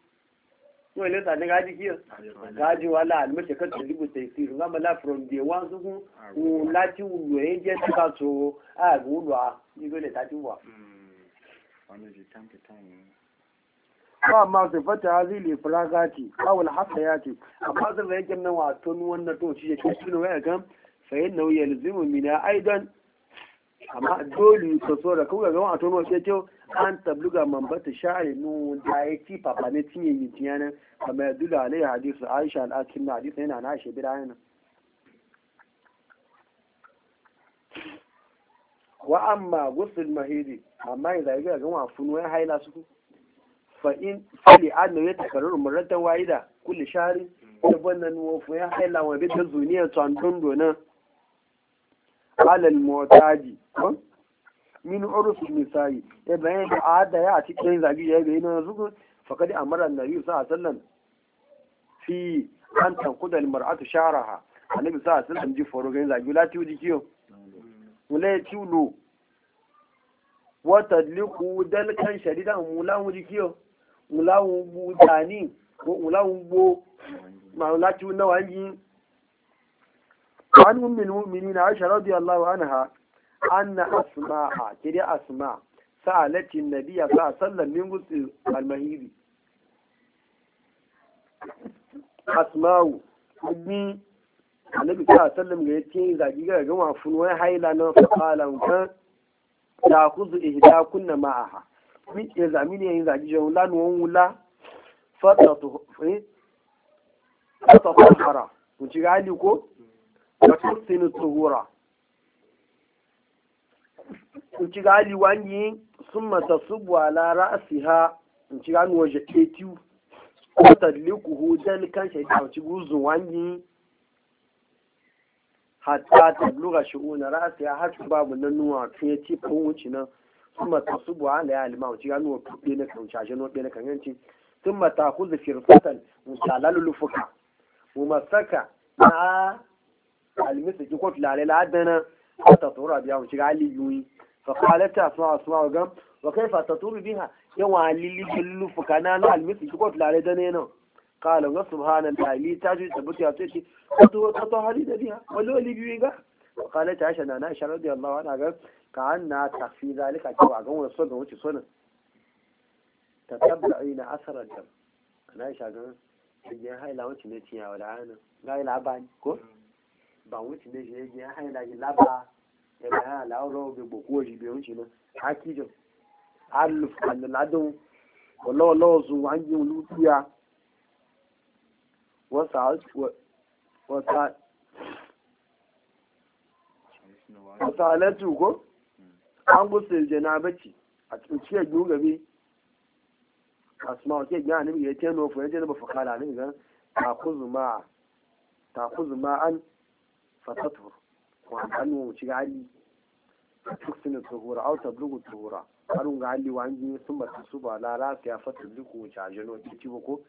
kuma ile zane gaji kiyo gaji wala almashi kan sai taisir nga mala from day one su kun wulati wulu ya je ta ka so a ga wulu a ido ne ta ti tiwa ba ma su fata hazi le fragati awul hasa ya ce amma zan zai yake nan wato ni wannan to shi ya shi ne waya kan sayin nauyi ya lizimu mina aidan amma dole ka so da kawai ga wato nan sai kyau an tabluga man bata sha'ari nun da ya ci papa ne tinye yin tiyana kamar ya dula alai hadisu aisha al'akim na hadisu yana na aisha da yana wa amma gusul mahidi amma ya zai gaga gan funu ya haila su ku fa in fali annu ya takarru muratan waida kulli shahri da wannan fun ya haila wa bi da zuniya tsantun donan alal motaji. min urufin nisa'i ya eh, bayan da ada ya a cikin zagi da ya bayyana zuku fakadi amara annabi sallallahu alaihi wasallam fi an tankuda almar'atu sha'raha annabi sallallahu alaihi wasallam ji foro ganin zagi la tiwo dikiyo wala tiwo wa tadliku dalkan shadidan mulan dikiyo mulan budani ko mulan bo ma la tiwo nawanji وعن أم المؤمنين عائشة رضي الله عنها anna asma'a kiri asma sa'alatin nabiya sa sallan min gutsi almahiri asma'u kudi annabi sa sallan ga yake zagi ga ga wafun wai haila na faqalan kan ta kuzu ihda kunna ma'aha min ke zamini yin zagi jan lan won wula fatatu fi eh, fatatu hara mun ci gali ko wa tusinu tuhura in ci gali wani sun mata subu ala ra'asi ha in ci gani waje etiu ko tadliku hu dal kan shaita ci guzun ta hatta tabluga shi'una ra'asi ha har babu nan nuwa tun ya ci fun wuce nan sun mata subu ala ya alima ci gani wa kuɗe na kan shashe na kuɗe na kan yanci sun mata kuzu firfatan musalalu lufuka mu masaka na almisa ki kotu lalai la'adana حتى تطور بها وشي علي يوي فقالت أسماء أسماء وقام وكيف تطور بها يوم علي لي جلو فكانا أنا المثل شو قلت لعلي دنينا قال سبحان الله لي تاجي تبت يا تيشي تطور تطور بها ولو لي بيوي وقالت عائشة أنا عائشة رضي الله عنها قال كأنها تخفي ذلك أكبر عقوم والصدق وشي صنع تتبعين أثر الدم أنا عائشة قال هاي لا وانت نتيا ولا أنا لا يلعب عني كو ba wuce ne shi yake ya hanyar ha laba ya bayan al'aura ga gbogbo shi bai wuce ha haki jin alif aliladun walawalau su hanyar lutuya wasa wasa alatu ko an gusa jana a cikin yiwu gabe asma ke gani ya teno fa yaje ba fakala ne ga takuzu ma ma an fatatu wa kanu mu ci gali tuksin tuhura au tablugu tuhura harun ga hali wa sun ba su ba la la ya fata duku ta jano ta cibo ko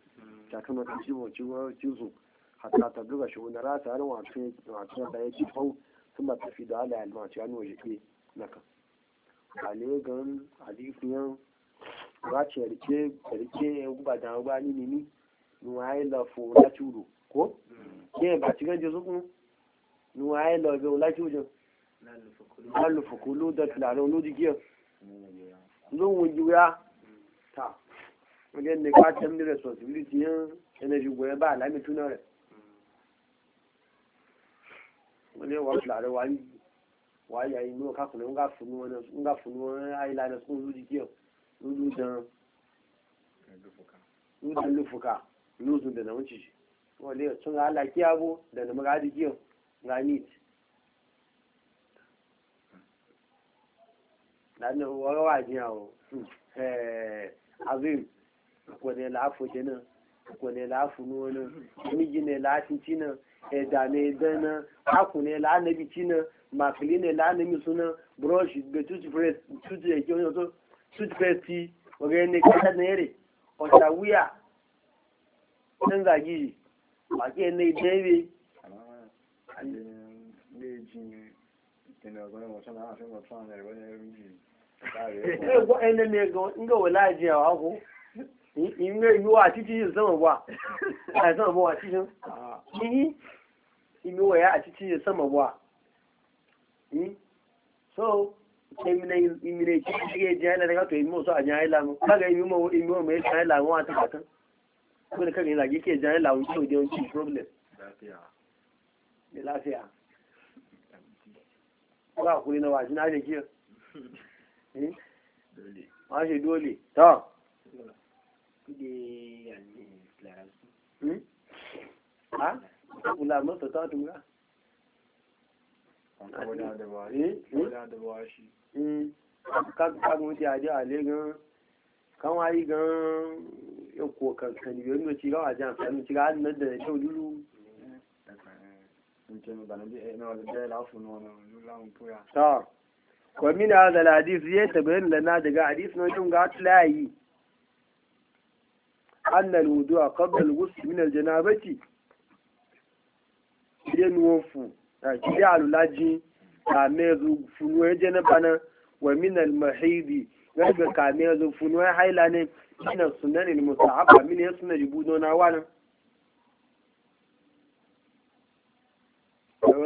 ta tuno ta cibo cibo cizo hatta ta duga shi wani rasa harin wa tun wa tun da ya ci fau sun ba ta fi da ala alma ci hannu waje ke naka ale gan alifiyan race rike rike guba da ba ni ni ni wa yi lafo na turo ko ke ba ci ganje zukun nuwa ya lọ bẹ láti òjò lálùfòkú ló dọ̀tí láàrin olódìgí ẹ̀ lóhun ju ya ta wọ́n jẹ́ nípa tẹ́mílì responsibility yẹn ẹnẹ́jì gbọ́n ẹ bá àlámì túnà rẹ̀ wọ́n ní wọ́n fìlà rẹ̀ wá yí wá yà inú kákùnrin ń gà fún wọn àìlànà fún olódìgí ẹ̀ lójú dán ń dán lófòkà lóòtú dẹ̀nà wọ́n ti wọ́n lè tún alákíyàwó dẹ̀nà mọ́ra dìgí ẹ̀. granite lánàá ọ̀rọ̀ wà ní àwọn hmm. eh, azim akwai la'afu jina akwai la'afu nuna miji ne la'afi cina ẹ̀dà ne dana aku ne la'anabi cina makili ne la'anabi suna brush ga toothpaste ọ̀rẹ́ ne kẹta nere ọ̀tàwíyà ɗan zagiri wàkẹ́ ne dẹ́rẹ́ ẹgbọ́ ẹni mẹ́gan ńgọ̀ wọ láàájì àwọn ọkọ̀ ìwé ìwọ àtìtì ìsọ́mọ̀ wà àìsọ́mọ̀ bọ̀ àtìtì yìí ìwé wọ̀ ya àtìtì ìsọ́mọ̀ wà so ìmìnà ìtìtì sí ẹjẹ́ ẹlẹ́dẹ́gbàtọ̀ ìmọ̀ sọ àjẹ́ àìlànà kága ìmọ̀ ìmọ̀ mẹ́sàn anyị àìlànà wọn àti kàtán da lafiya ba kuri na na shekiyar ma shi dole ta hmm? ha? kula mata ta tura wuce eh? eh? hmm. a legan kan wayi gan kankan ci gawa jan sami ci da kyau Eh, ta wa min hadha alhadith ya tabayyana lana daga hadis na jin ga tlayi anna alwudu'a qabla alghusl min aljanabati idan wofu ta kidi alulaji a mezu funuwa ya funuwe janabana wa min mahaidi ga ga kamezu ya haila ne ina mini ya suna yasna jibudona wala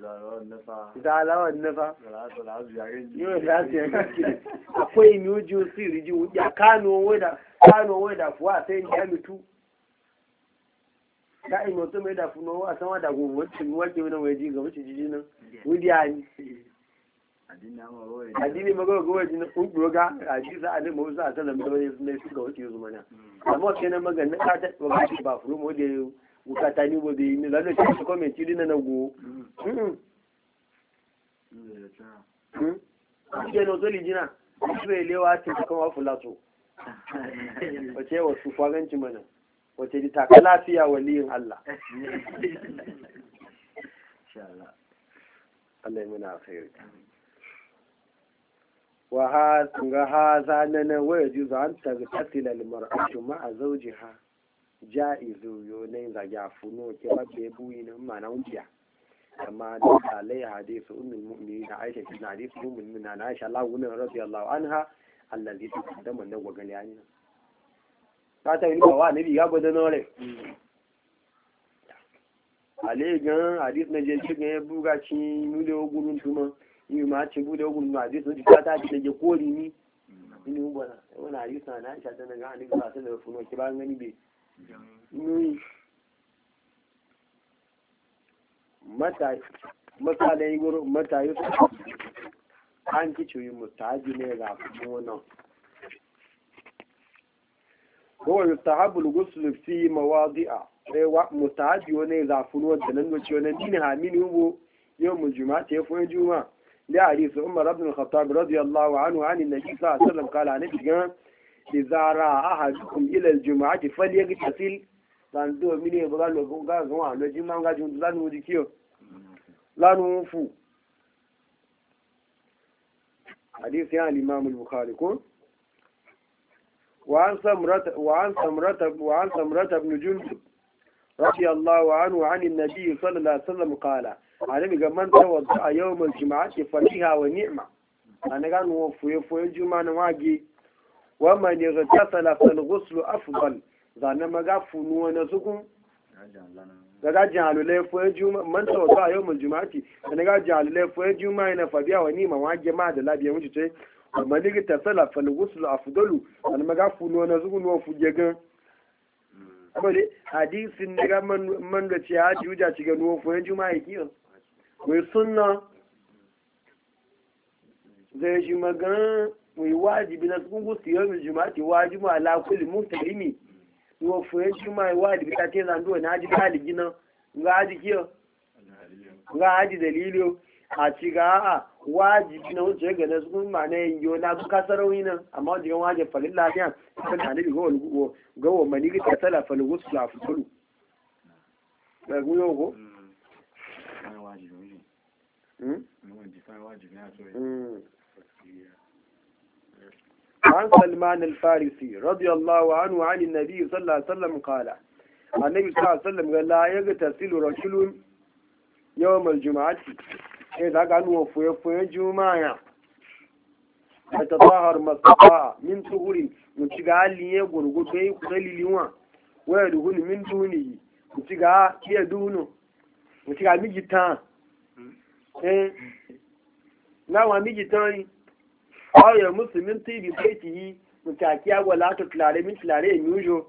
zalawan nufa yau za su yanka kiri akwai miyoji su riji ya kano wada kano wada kuwa sai ya mitu ta imo to mai da funo a sama da gobe wacin wake wani mai ji ga wacin jiji nan wuri ya yi adini a ji za a ne bukata ni bo bi ni la le ti ko me ti ri na go hmm hmm je no zoli jina be le wa ti ko wa fula to o che wa su gan ti mana o wace ji taka lafiya waliyin Allah Allah muna khairi wa ha tunga ha zanana wa juzu an tagtatil al mar'atu ma'a zawjiha ja'izu yo ne za ya funo ke ba be buyi na mana na wuciya amma da alai hadisu ummul mu'minin da aisha bin hadisu ummul mu'minin na aisha Allah wuna radiyallahu anha allazi taqaddama na wa gani ani ta ta ni ba wa nabi ga godan nore ale gan hadis na je ci gan buga ci nule ogunun tuma yi ma ci bude ogunun hadis na ji ta ci je kori ni ni ubana wannan hadis na aisha ta na ga ani ba ta da funo ke ba ngani be mata da yi wurin mata yi an ki ciyi mustahabi ne ga kuma nan kowa yustahabul gusul fi mawadi'a sai wa mustahabi wani zafin wanda nan wace wani dini hamini hubo yau mu juma ta yi fuyin juma da hadisi umar ibn al-khattab radiyallahu anhu an annabi sallallahu alaihi wasallam kala ne digan lizara ahadukum ila aljum'a ti fali yagi tasil tan do mi ne bugal lo ga zo wa lo jima nga jundu lan wudi kiyo lan wufu hadith ya imam al-bukhari ko وعن سمرة وعن سمرة وعن سمرة بن جند رضي الله عنه عن النبي صلى الله عليه وسلم قال علم من توضأ يوم الجمعة فليها ونعمة أنا كان وفوي فوي الجمعة نواجي wa man yaghtasala fal ghuslu afdal zanna maga funu wani sukun ga jihalulai fuwa juma man tawata yau mun juma'ati ga jihalulai fuwa juma'a na fabiya wa ni ma wa jama'a da labiya mun ce amma ligi ta sala fal ghuslu afdalu an maga funu wani sukun wa fuje gan abale hadisin daga man man da ce haji uja ci ga nuwa fuwa juma'a kiyo mai sunna zai ji magana. mai wajibi na sun gusi yau juma'ati wajibi ala kulli muslimi wa fuye juma'i wajibi ta te zando na ji baligi nan ga haji kiyo ga haji dalilo a ci ga a wajibi na wuce ga na kun ma na yiwu na duka sarauni nan amma wajen wajen falin lafiya sun da nabi ga wani ga wani mani ga tsala falin wasu lafi kulu ga guyo ko Mm. عن سلمان الفارسي رضي الله عنه عن النبي صلى الله عليه وسلم قال النبي صلى الله عليه وسلم قال لا يغتسل رجل يوم الجمعة إذا كان وفي في الجمعة يتطهر ما استطاع من طهور وتشغال لي غرغد بي كلي ليوا ويدهن من دونه وتشغا كي دونه وتشغا ميجتان eh na wa miji tani Ƙwayar musulmin tibi bai ti yi mutakiya wala ta tulare min tulare in yujo.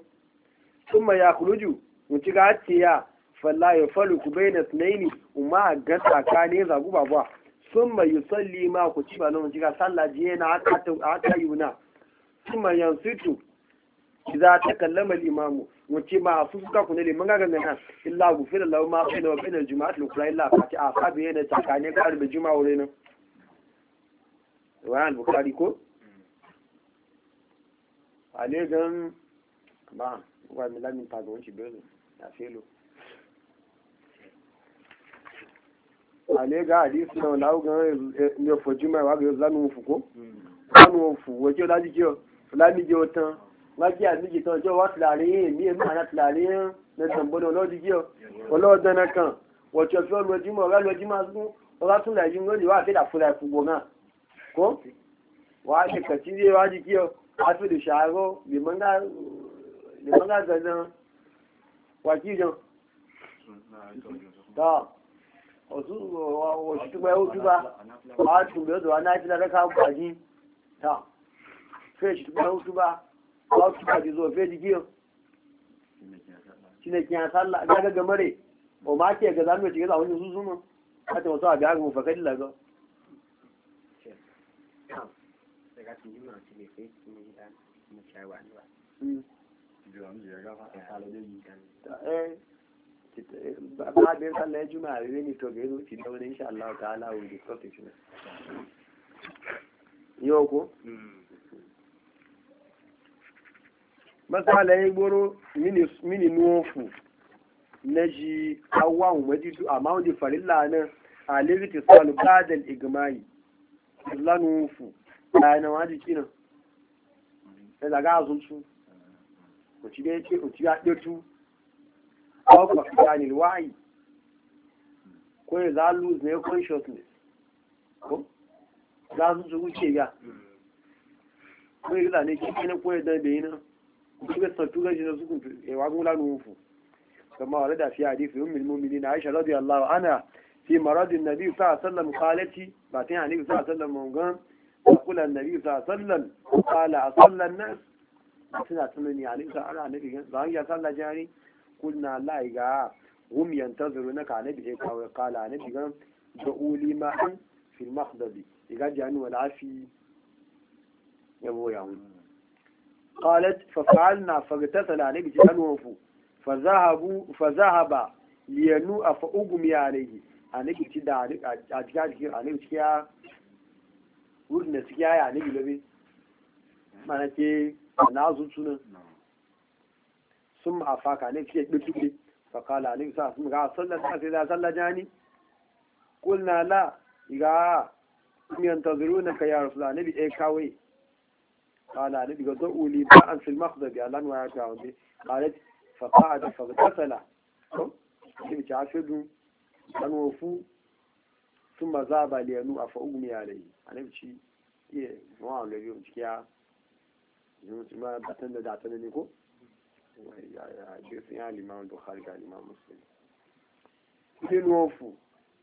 Sun ma ya kuruju, mutu ga ya falla ya faru ku bai na sinaini umma ga tsakani zagu ba ba. Sun ma yi salli ma ku ci ba na mutu ga salla jiye na yi yuna. Sun ma yan situ, za ta kallama limamu, mutu ma su suka ne limin ga nan illa gufi da lauma bai na wa bai na juma'at lukura illa fati a sabi yana tsakani ga arba juma'a wuri nan. riwaya al-bukhari ko ale gan ba wa mi lamin ta na felo ale hadisi na lawo gan ne fojuma wa ga zanu fuko zanu fu wojo laji jo fulani jo tan wájú àmìjì tán yi wá tìlàrí èmi èmi àná tìlàrí mẹ́sàn wani gbọ́dọ̀ ọlọ́dún yíyọ ọlọ́ọ̀dán na kan wọ̀tí ọ̀fẹ́ ọlọ́dúnmọ̀ ọ̀rá lọ́dúnmọ̀ ọ̀rá tún làyí ń lónìí wá àfẹ́dà fúnra ẹ̀fúgbọ̀ na? ko waje kacire waje kiyo fi da shago liman ga liman ga zanen wakijan da osu wasu tuba ya hutu ba a tumbe zuwa na fi laraka kwaji ta fe shi tuba ya hutu ba a wasu tuba ji zo fe jikiyo shi ne kiyan sallah ga gagamare o ma ke ga zamu ci ga zawon su zuma a ta wasu a biya ga mufakadi lagos nímọ̀ àti lè fẹ́ sí ní ìlànà ìṣàwà níwà. Babin sallar juma'a rere ne to gaizo ki da wani insha Allah ta ala wuri ko? Masala ya gboro mini nufu na ji farilla a salu igmai. Lanufu. bayan wa jiki nan sai zaga a zunsu ku ci da yake ku ci ya ɗirtu ko ku fi gani wa'ayi ko ya za lose ne consciousness ko za su su wuce ya na koyar da bai nan ku ci ga sattu gaji na sukun ewa eh, gula nufu kama wa da fi fi maradin nabi sallallahu alaihi wasallam qalati ba tin hadisi sallallahu alaihi يقول النبي صلى الله عليه وسلم قال أصلى الناس suna tunani a nisa ana nabi ba ya sallah jari ga hum yantaziru na ka nabi ya kawo kala nabi gan da uli ma an fil mahdadi iga jani wal afi ya boya mu qalat fa fa'alna fa gatasala nabi jan wafu fa zahabu fa zahaba liyanu afa ugmi alayhi anaki ci da a cikin wurin da suke haya ne gilobe mana ke na zuciya sun ma afaka ne suke ɗirkiɗe fakala ne sa sun ga sallar ta sai a sallar jani kulna la eh, ga miyan zuru na kayar su da ne bi kawai kala ne daga uli ba an fil makhdabi alan wa ya kawo ne قالت فقعد فاغتسل ثم تعفد أن وفو sun ma za ba da yanu a fa'ugmi a rai a nan ci iya zuwa a gari wani cikiya zuwa su ma datan da datan ne ko ya ce sun yi alimawan da har ga alimawan musulmi kilofu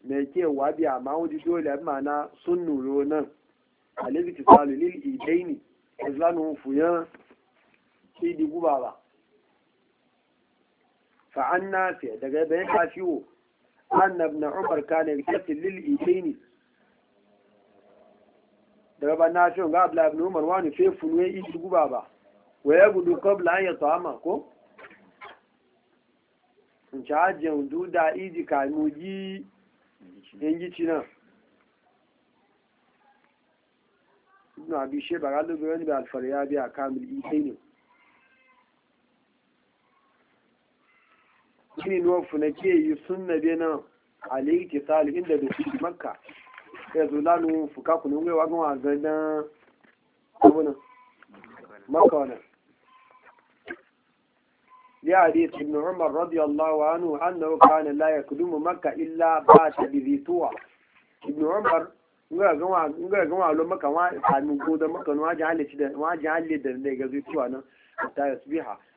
mai ke wabi a ma'udi dole ma mana sun nuro nan a liziki salu lil idaini islamin fuyan shi di guba ba fa'an nafi daga bayan kafiwo أن ابن عمر كان يكتب للإيدين daga ba na shi ga abla ibn umar wani fe fulwe iji guba ba wa ya gudu kabla an ya tsama ko in ci hajjiyar hudu da iji kanu ji yanki cinan ibn abi sheba galibu wani da alfariya biya kamil isai ne shine no funa ke yi sunna be na alayhi tisal inda da su makka ya zulanu fuka kunu ngai wa gwa gadan abuna makka wana ya hadith ibn umar radiyallahu anhu annahu kana la yakdumu makka illa bi bizituwa ibn umar nga ga wa lo maka wa hannun ko da maka wa jahali da wa jahali da ne ga zuciwa nan ta yasbiha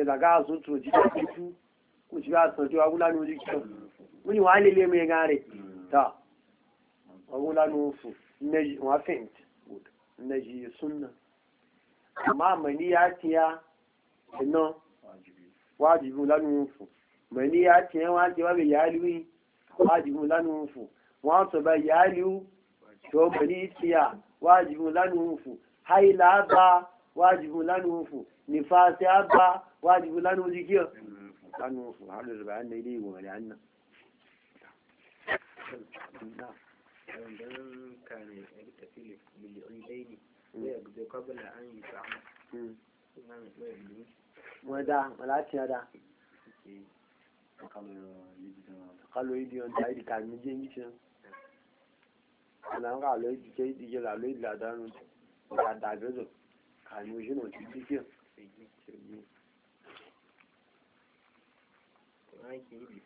ẹ̀dàgá àtúntò jíjẹ́ títú kò sí àtàn tí wagúlá ní orí ni wọ́n á le lé mi gan rẹ̀ tà wagúlá ní oṣù wọ́n fẹ̀ǹt nẹ̀jì súnà àmọ́ àmọ́ ní yá ti yá ẹ̀nà wájìbù lánàá oṣù mọ̀ ní yá ti yá wọ́n á ti wá bẹ̀ yá lú wájìbù lánàá oṣù wọ́n ba. واجب لا انا كيو لأنه سبحان الله عنا إليه ومن عنا من كان يكتفي بالعيدين ويقضي قبل أن يفعل ودا ولا تيادا قالوا يدي أنت عيد كان مجين جيشن أنا قالوا يدي كي يدي لا ليد لا دانو كان كان مجين وتجيكي yake yi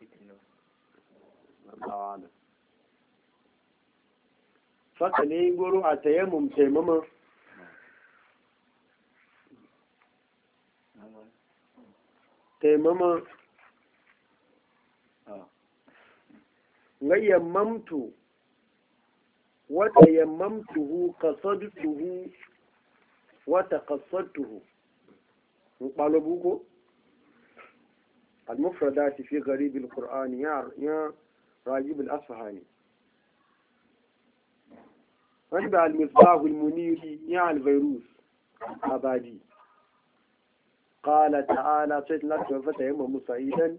faka ne goro a tayammum taimama taimama gayyamamtu wata yammamtuhu tuhu, wata kasadtuhu ko المفردات في غريب القرآن يا يا راجب الأصفهاني عند المصباح المنير يا الفيروس أبادي قال تعالى سيد الله يوم مصعيدا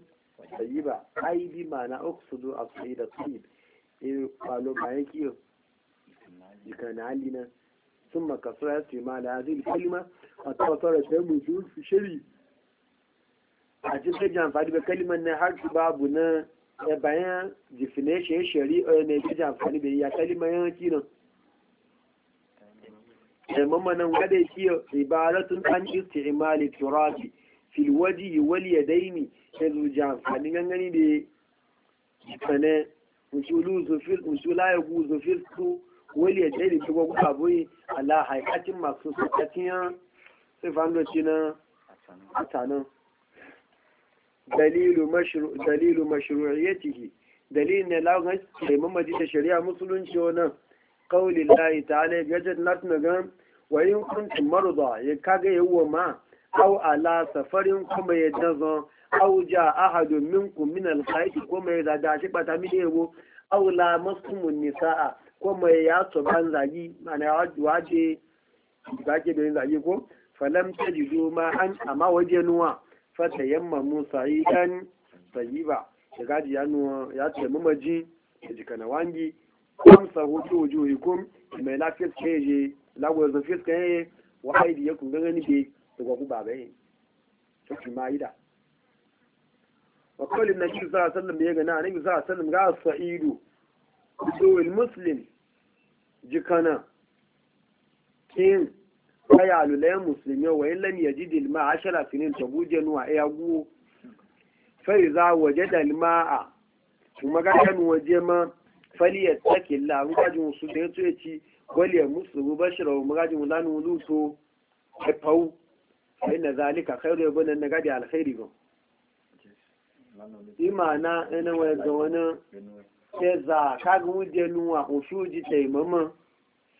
طيبا أي أنا أقصد الصعيد الطيب إيه قالوا معك إيه كان علينا ثم كسرت ما هذه الكلمة أتوصلت لهم في شريف a ci sai ji amfani da kalimar na harfi babu na bayan definition shari'a ne ya ji amfani da ya kalimar yanki nan mamanan gada shi ibaratun an istimali turabi fil waji wal yadaini ya zuji amfani gangani da sane usulu zufil usula ya gu zufil su wal yadaini ta gwagwa abuyi ala haikacin masu sakacin ya sifan doci na atanan dalilu mashru'iyyatihi dalilin ne lagun taimun majita shari'a musulunci wannan kawulin layi ta ala ya ce na tunagan wayin kuntun maruba ya kaga yawon ma au ala safarin kuma ya dazan au ja ahadu minku min alhaiki kuma ya zada shi bata mini yawo au la masumun nisa'a kuma ya tsoban zagi mana waje zage da yin zagi ko falam ta jido ma an amma waje nuwa fata yamma musa yi dan sayi ba da gadi ya nuwa ya ce mamaji da jika na wangi amsa hoto wujo hikum mai lafiyar ka yaje lagos da fiska yaje wa haidi ya kunga gani ke da gwagu ba bai ta fi ma yi da wa kawai na shi sa sallam da ya gana a nabi sa sallam ga sa'idu kusurwil musulun jikana king kaya lulai musulmi wa illam yajid alma ashara sinin tabuje nuwa ya gu fai za waje dalma a kuma ga waje ma fali ya tsaki la gajin da yato ya ci wali ya musulmi bashira wa magajin lanu luto ya fau sai na zalika khairu ya bane na gadi alkhairi ba imana ina wani ga wani ya za kagun wuje nuwa osuji taimaman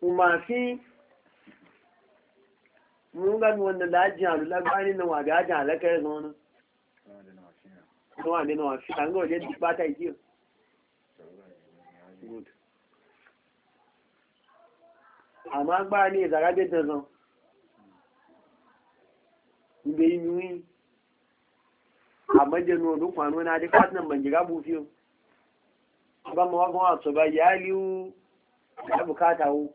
kuma fi mun gani wanda lajin alula gani na waga ajin alaka ya zaune nawa ne nawa fi an ga waje ba ta yi amma gba zara bai da zan ibe yi miwi a majin nodun kwanu na duk fatinan ban jira bufiyo ba ma wakon wasu ba ya liwu ya bukata wu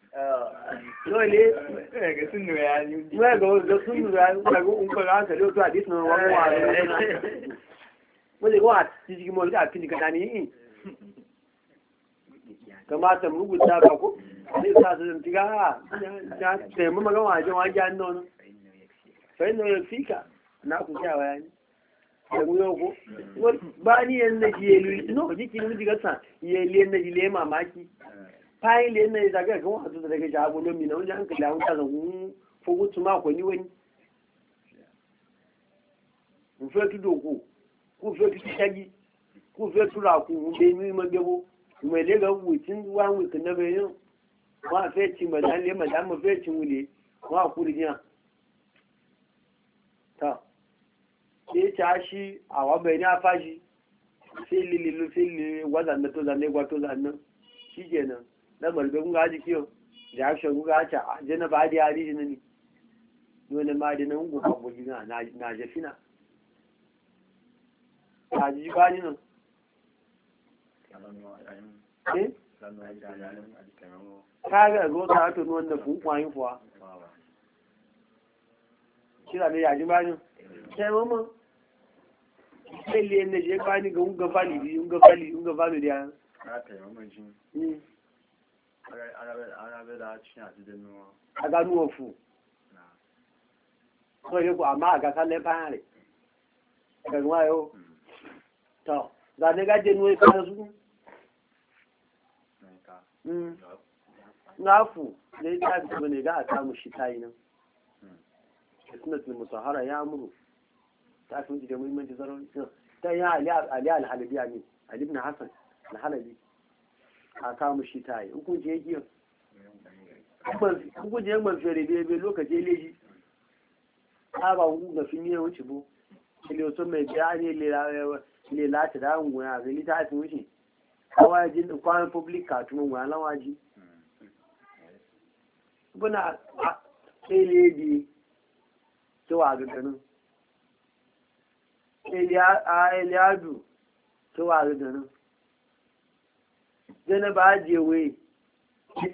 dole ga sun nura ya ni ga sun nura ya mura ga unkwa ga hankali wasu hadis ga kamata mu rubuta ba ko zai sa su zanti ga ta taimu magan wajen wajen an nono sai nono fika na ku kya wa da mu yau ko ba ni yan na yelu no ji kin diga sa yelu yan na le mamaki fayin da yanayi zagar kan wasu da daga jago lomi na wajen hankali an ta zagun fogutu mako ni wani n fẹ́ tu dòkó ku fẹ́ tu sẹ́gi ku fẹ́ tu ràkú n bẹ ma gbẹ́bó mẹ̀lẹ́ ka wò tí wà ń wò kí nà bẹ yàn wọn à fẹ́ tì mẹ̀lá lé mẹ̀lá mẹ̀ fẹ́ tì wò lé wọn à kúrò yàn tà ṣé tí a ṣí àwọn bẹ̀ ní afá ṣí ṣé lílé ló ṣé lílé wà na balbe mun gaji kiyo da ya shagu ga ta jana ba da yari jina ne dole ma da nan gobe gobe na na jafina ta ji ba ni nan eh? ta ga go ta to non da ku kwayin kuwa. kira ne ya ji ba ni sai mama sai le ne je ba ni ga un ga fali un ga fali un ga fali da ya ta aganuofu kwaje ku amma ga sallan fare to ga ga je nuwe kan nafu ne ta bi ga ta mu shi tayi nan sunnatul ya amuru ta sun ji muhimmanci zaro ta ya ali ali al-halabi ali ibn hasan a mushi ta yi hukunci ya kiyo hukunci ya man lokaci ya leji ta ba hukun ga fin yawon ci bo ile mai biya ne le lati da an gona ga ta haifin wuce kawajin kwanan public cartoon lawaji buna a tsele bi Eliadu dana ba je we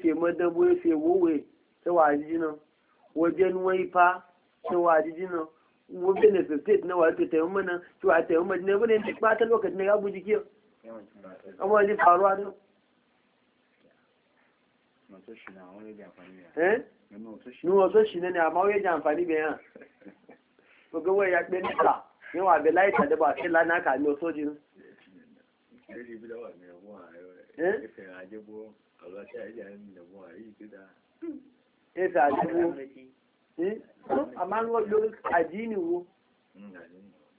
ke madabo ya wowe ta waji wajen waifa ta waji jinan wajen da 58 na wa te te mo na wajen wa te mo ne ta ɓata lokacin ne faruwa eh? don ni wasu shi ne amma jan ya laita de ba la na ka ìfẹ́ àjẹ́gbọ́ àlọ́ṣẹ́ ayé àìmọ̀ àyíkí kíta. ìfẹ́ àjẹ́gbọ́ amma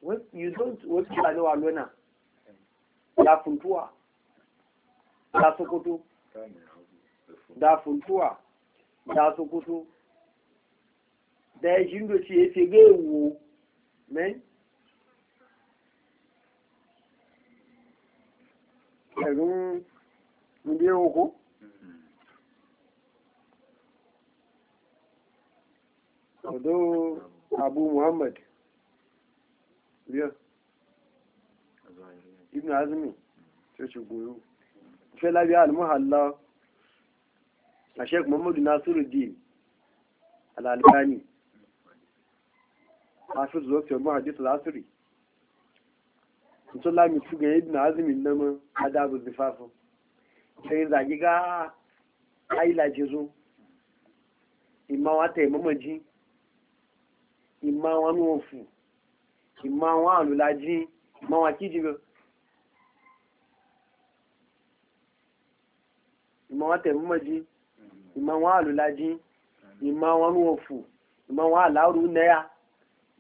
wo mm, you don't wasu wa da da sokoto da funtuwa da sokoto da ya shi ya fi ewu men mun je ko Odo Abu Muhammad biya Ibn Azmi sai shi goyo sai labiya al-muhalla a Sheikh Muhammadu Nasiruddin al-Albani hafiz zuwa muhaddis al-Asri Mutum lami su ga Ibn Azmi nan adabu zifafin sai zagi ga aila ce zo imma wa ta mamaji imma wa nufu imma wa alulaji imma wa kijibin imma wa ta mamaji imma wa alulaji imma wa nufu imma wa alauru na ya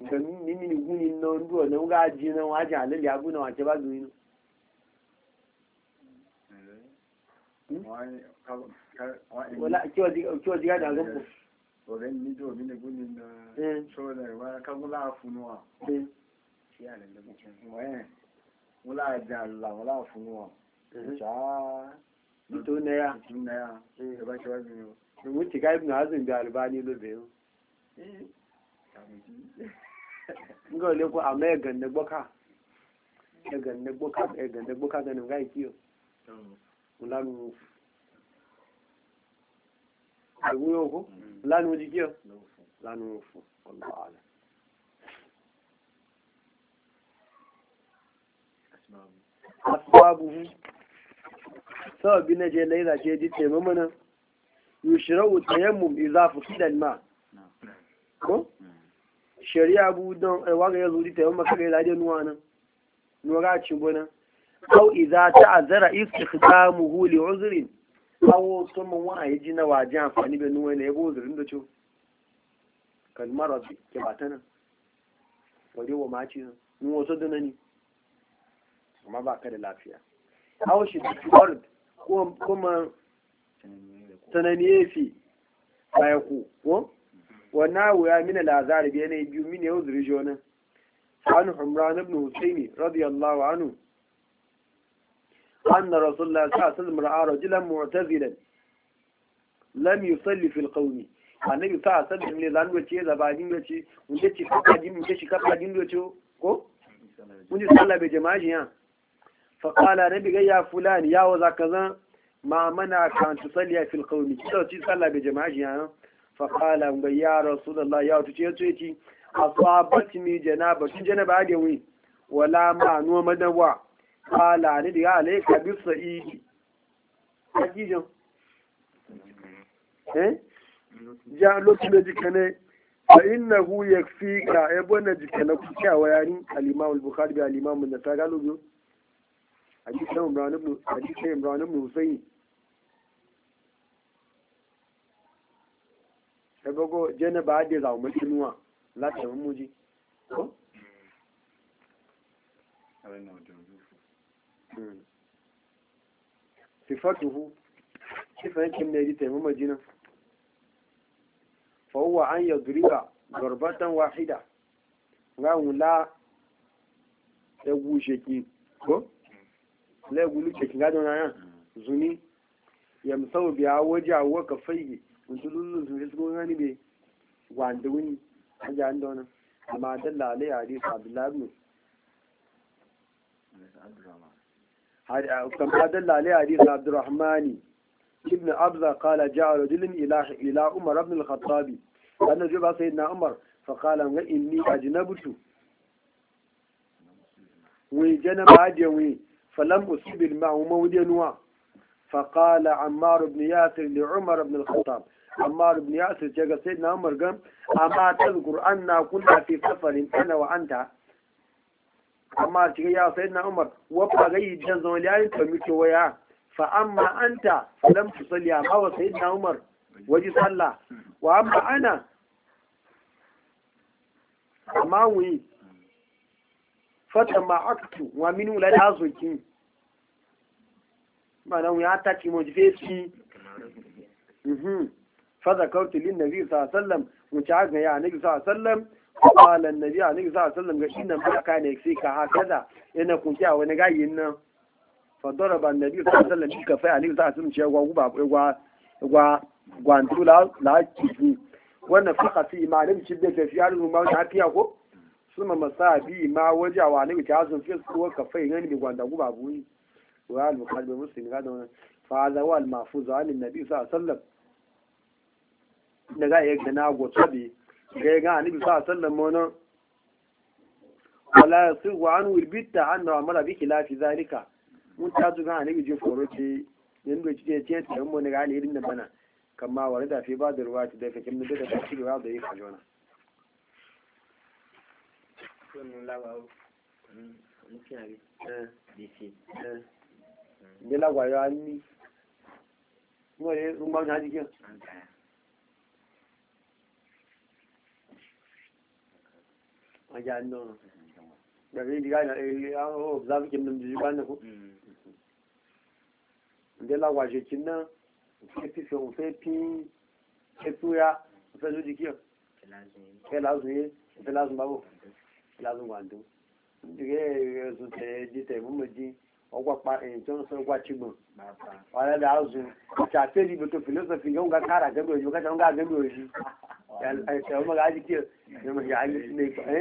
ga nini guni na ndu na ga ji na wajen alali abu na wace ba zuwa Hmm? wala akiwa a jiga da gambo oren ni do mine ya mutu ne ya hmm. mutu hmm. ne ya eh ba shi wani ko gboka eh, lanu àgbóyọ̀ kó lanu jí kí ọ lanu fún na je laila je ji taimu mana tayammum shari'a bu don ai eh, waga yazo ji taimu ga laje nuwana, nuwa ga aw idza ta'azzara istikhdamuhu li uzrin aw kuma wa yaji na waje amfani da nuwa ne yabo uzrin da cho kalmar rabbi ke batana wade wa maci mun wato da nani amma ba ka da lafiya aw shi ard kuma sananiye fi baya ku ko wannan ya mina lazari biyu ne biyu mini yau zuri jonan an humran ibn husaini radiyallahu anhu أن رسول الله صلى الله عليه وسلم رأى رجلا معتزلا لم يصلي في القوم annabi sa a sabbin ne zan wace da bagin wace wunde ci kafa jin wunde ci kafa jin wace ko wunde sallah jama'a jiya. fa qala nabi ga ya fulani ya waza kaza ma mana kan tu salliya fil qawmi kida ci sallah bai jama'a ya fa qala ga ya rasulullah ya ce ce ci janaba tun janaba wi wala ma madawa kala ni diga alaika bi sa'idi akijan eh ja lokacin da jikane fa inna innahu yakfika e bona jikane ku wa yari al-imam al-bukhari bi al-imam an-nasa'i galo biyo hadisin imran ibn hadisin imran ibn husayn e gogo jene ba de za mu kinuwa lati mu ji ko abin da mutum Mm. sifatuhu sifa yake ne ji taimama jinin fawwa an ya duriba darbatan wahida ga wula ya gushe ki ko la ya gulu cikin gadon nan zuni ya musau biya waje a waka fayi mutu lullu zuni su gona ni be wanda wuni a ji an dona amma dalla alai hadis abdullahi ibn آه، كما دل عليه حديث عبد الرحمن ابن أبزة قال جاء رجل إلى إلى عمر بن الخطاب أنا جب سيدنا عمر فقال إني أجنبت وجنب عدوي فلم أصيب الماء مودي نوع فقال عمار بن ياسر لعمر بن الخطاب عمار بن ياسر جاء سيدنا عمر قال أما تذكر أن كنا في سفر أنا وأنت amma a cikin ya sai na umar wafa gayi jan zama liyayin ta ke waya fa amma anta lam tusalli amma wa sai na umar waji sallah wa amma ana amma wi fata ma'aktu wa min wula da zoki mana ya ta ci mo jife ci fa zakartu lin nabi sallallahu alaihi mu ci ga ya nabi sallallahu qala annabi a sallam ga inna ma kana yaksi ka hakaza ina kun kiya wani gayin nan fa a annabi sallam ka fa alayhi sun ce gwa guba gwa gwa gwantu la la kiji wannan faka fi imanin shi da tafiya da ma ta fiya ko suma masabi ma waje wa alayhi ta sun fi ko ka fa yin ni gwanda guba buyi wa al-bukhari muslim ga da wannan fa zawal mahfuz an annabi sallam daga yake na gotabe ga ga annabi sallallahu alaihi wasallam wannan wala yasiru anhu hannu a mara biki khilafi zalika mun ta zuga annabi je foro ce yan doci ce ce ta mun ga ne irin da bana kamma wani da fi ba da ruwa ta da da da shi da yi kajona eh. eh. an ni, maja nan eh, ah, oh, eh, eh, da zai diga na an observe kin nan jiji ba na ku inda lagwaje kin nan ki fi fiyon sai fi ketuya sai su jikiyar sai lazun yi sai lazun babu lazun gwandu jike su tsaye ji taimun maji ọgbà pa èyí tó ń sọ ọgbà chigbọn ọ̀rẹ́ dà á zun ọ̀tà tẹ́lẹ̀ ibi tó philosophy yóò ń ga kára gẹ́gẹ́ òyìnbó kẹta ń ga gẹ́gẹ́ òyìnbó ẹ̀sẹ̀ ọmọ gàá jí kí ẹ̀ ẹ̀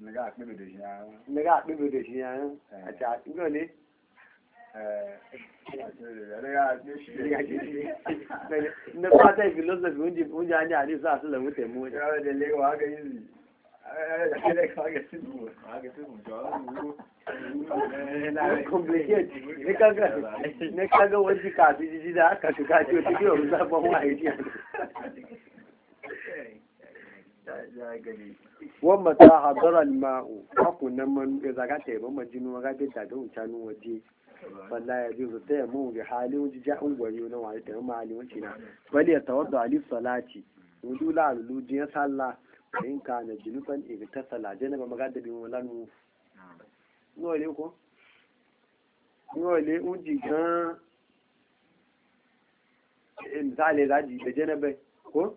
Nega akpebe do jiyan. Nega akpebe do jiyan. Eh. Acha, ne? Na fata filosofi wunji wunji hanyar hadisi a sulan wuce wani wajen. Yawon da Ne kaga wani jiji da aka shiga ce wọn mata hadara ma'u haku nan man zaga ta yaba majinu ga da daga wucanin waje wallahi ya zo ta yamma bi halin wajen ja'un na wani ta yamma halin wajen na bali ya tawadda ali salati wudu la alu jin sallah in ka na jinuban ibta sala janaba magada bin walanu nole ko nole unji kan in zale zaji da janabai ko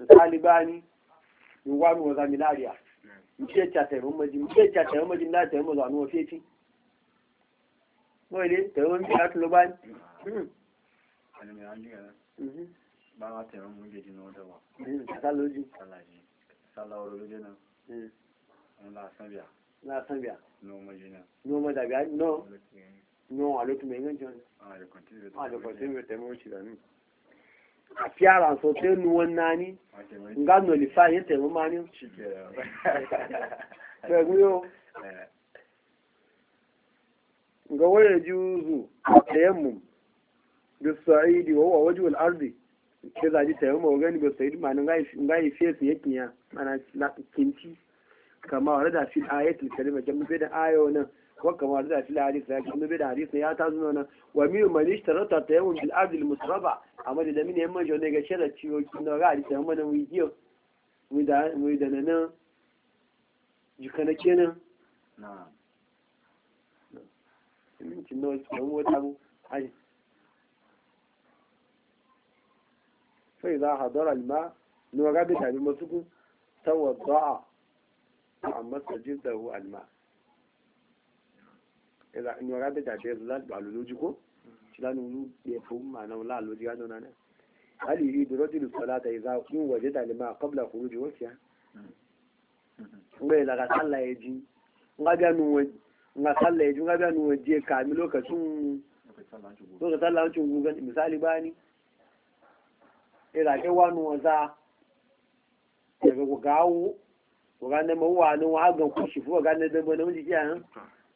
misali bani in wani wa zami lariya in ce ca taimakon maji na taimakon zanu wa feci wai ne taimakon tulo ba ma hmm. ba hmm. kasaloji hmm, salawar wajen nan na san na san biya biya non a l'autre mais non ah le continue ah le continue te mo ci dani a so te nu wannani nga no le fa yete mo mani ci ke te guyo nga waya juzu tayammum bi sa'idi wa huwa wajhu al-ardi ke zaji tayammum gani bi sa'idi ma nga nga ife su yake ya mana kinci kama wala da fil ayatul jamu da ayo nan وكما رد في الحديث لكن بدا حديث يا تازنونا ومن من اشترط التيمم بالارض المتربه اما ده من يمن جو نيغا شرطي وكنا غادي تمنا ويجيو ويدا ويدا نانا جكنا كينا نعم من كنا اسمو تابو هاي فإذا حضر الماء نوغا بتابي مسكو توضع عما سجده الماء eza nyora be jate eza aloloji ko cila nunu ye fun mana wala aloloji ga nona ne hali yi bi rajul salata idza in wajada lima qabla khuruj e waqtiha ngai daga sallah ya ji nga ga nu wa nga sallah ya e ji nga ga nu wa ka mi lokacin lokacin sallah an misali bani ira ke wa nu za daga e gawo wa ga ne mawa kushi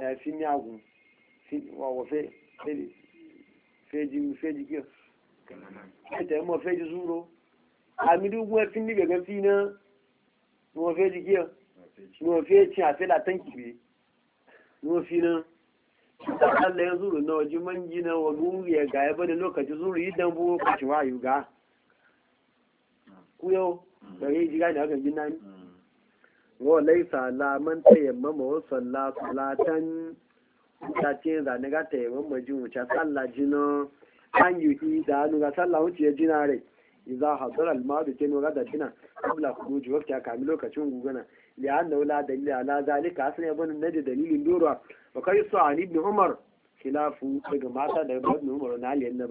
Eh, fi miyagun feji fẹ́jì fẹ́jì kí ọ ẹ̀tẹ̀ mọ̀ fẹ́jì súnrò àmìdúgbò ẹ̀fí ní gẹ̀gẹ́ fi náà ni wọ́n fẹ́jì kí ọ ni wọ́n fẹ́ tí àfẹ́lá tẹ́ǹkìrì ni wọ́n fi náà ta lẹ́yìn súnrò náà ojú mọ́ ń jí náà wọ́n gún rí ẹ̀gà ẹbọ́ ní lókàtí súnrò yìí dán bó kàṣíwá yóò gá kúyọ́ pẹ̀lú ìjìgá na wa laisa la man tayammama wa salla salatan ta ce za ni ga tayammama jin wuce salla jina an yi yi da hannu ga salla wuce ya jina rai idza hadara al-ma'du kinu gada jina qabla khuruji waqti aka mi lokacin gugana ya anna la dalil ala zalika asna ibn nadi dalilin dora wa kai su an ibn umar khilafu daga mata da ibn umar na aliyan na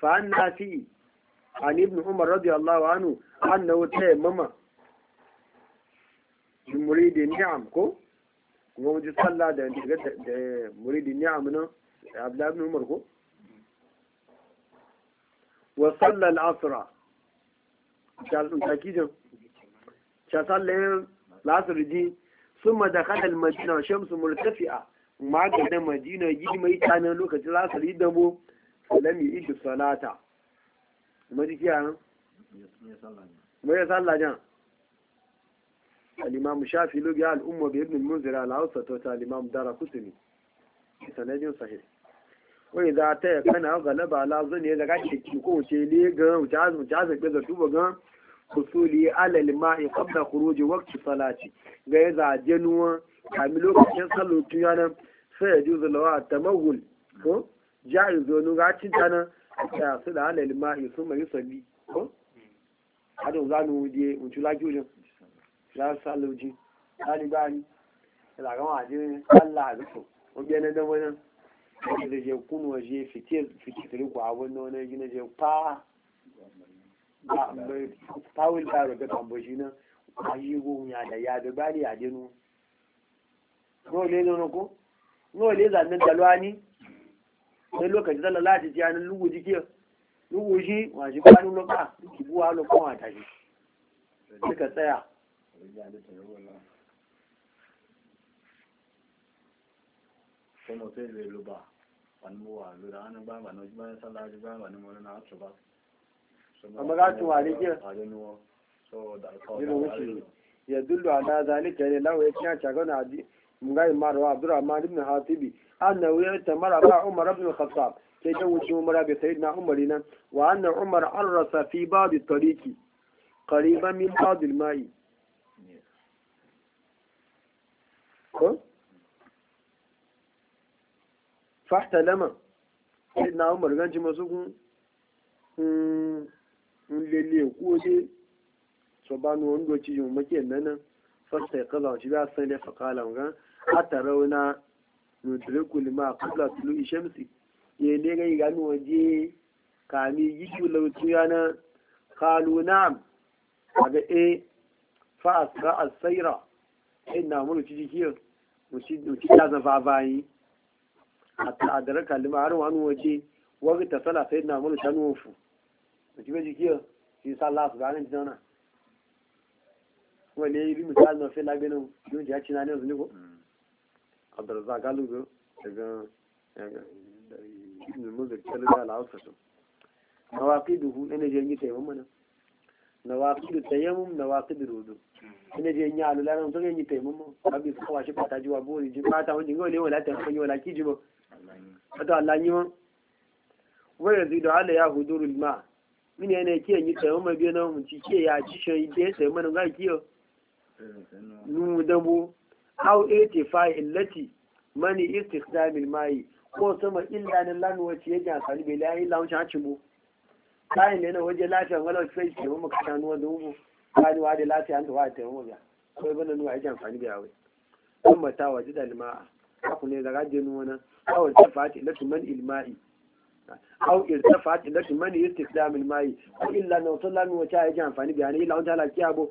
فعن نافي عن ابن عمر رضي الله عنه أنه تيمم مريد النعم كو kuma mun sallah da muridin ni'am nan abdullahi ibn umar ko wa salla al-asra jalun takijin cha sallayin lasr ji summa dakhala al shamsu murtafi'a ma ga da madina mai tsanin lokacin lasr yi dabo lam ishi salata kuma kiya nan? mai salla jan alimamu shafi lugi al'umma umma bi ibn al-munzir al-awsa ta tota al-imam dara kutuni sanadin sahih wa idza ta kana laba ala ne daga cikin ko ce le gan jaz jaz ga da tuba ga kusuli ala al-ma'i qabla salati ga yaza januwa kamilo kan sallatu yana sai yajuzu lawa tamawul ko jari zo nuga cin tana ya su da hannun ma yi sun mai sabi ko adon za mu wuje mutu la jojin ya saloji ba ni la ga wa je Allah a zuku o biya na da nan da je kunu wa je fitir ku a wani wani gina je pa ba mai fawil da ga tambashi na ayi go ya da ya da bani ya je no le nono ko no le zannan dalwani sai lokaci zalla lati ji anan lugu ji kiyo wa ji kwanu loka ki buwa loka wa ta suka tsaya kuma sai zai luba wani muwa lura an ba ba na bayan sallah ji bayan wani mu na su ba amma ga tuwa ne kiyo so ala zalika ne lawa ya mun ga abdurrahman ibn hatibi أنه يعتمر على عمر بن الخطاب تجوز عمر بسيدنا عمرنا وأن عمر عرس في بعض الطريق قريبا من بعض الماء لما سيدنا عمر كان جمسوك للي يقودي سبحان وندوتي يومكي أننا فاستيقظوا شبه السنة فقالوا أترونا yudrikul ma qabla tulu'i shamsi ye ne ga iganu waje kami yiku lautu yana qalu na'am aga e fa asra as-sayra inna mulu ci jikiyar muci ta zafa bayi a ta'adar kalima har wani waje wani ta sala sai na mulu ta nufu muci bai jikiyar shi sa lasu ga nan jana wani yi misali na fi laginin yau ji ya ci na ne yanzu ne ko abdurrazak galibu daga ibn muzir kalida al'ausatu nawaqidu hu ina je yi taimam mana nawaqidu tayammum nawaqidu rudu ina je yi alu laran so yi taimam abi ko wa shi pata ji wa bori ji pata won jingo le wala taimam yi wala kiji mo ato Allah yi mo wa yazidu ala ya hudurul ma min yana ke yi taimam bi na mu ci ke ya aw irtifai illati mani istisdamil mayi, ko sama illa nan lan wace yake amfani bai layi launci hancin mu kayan ne na waje lafiya wala sai ke mu ka tanu wanda mu kani wa da lafiya an da wa ta mu ga kai nuwa yake amfani bai awai kuma ta waje da a, aku ne daga jinu wannan aw irtifat illati man ilma'i aw irtifat mani man istisdamil mayi, ko illa nan lan wace yake amfani bai ne launci halaki abo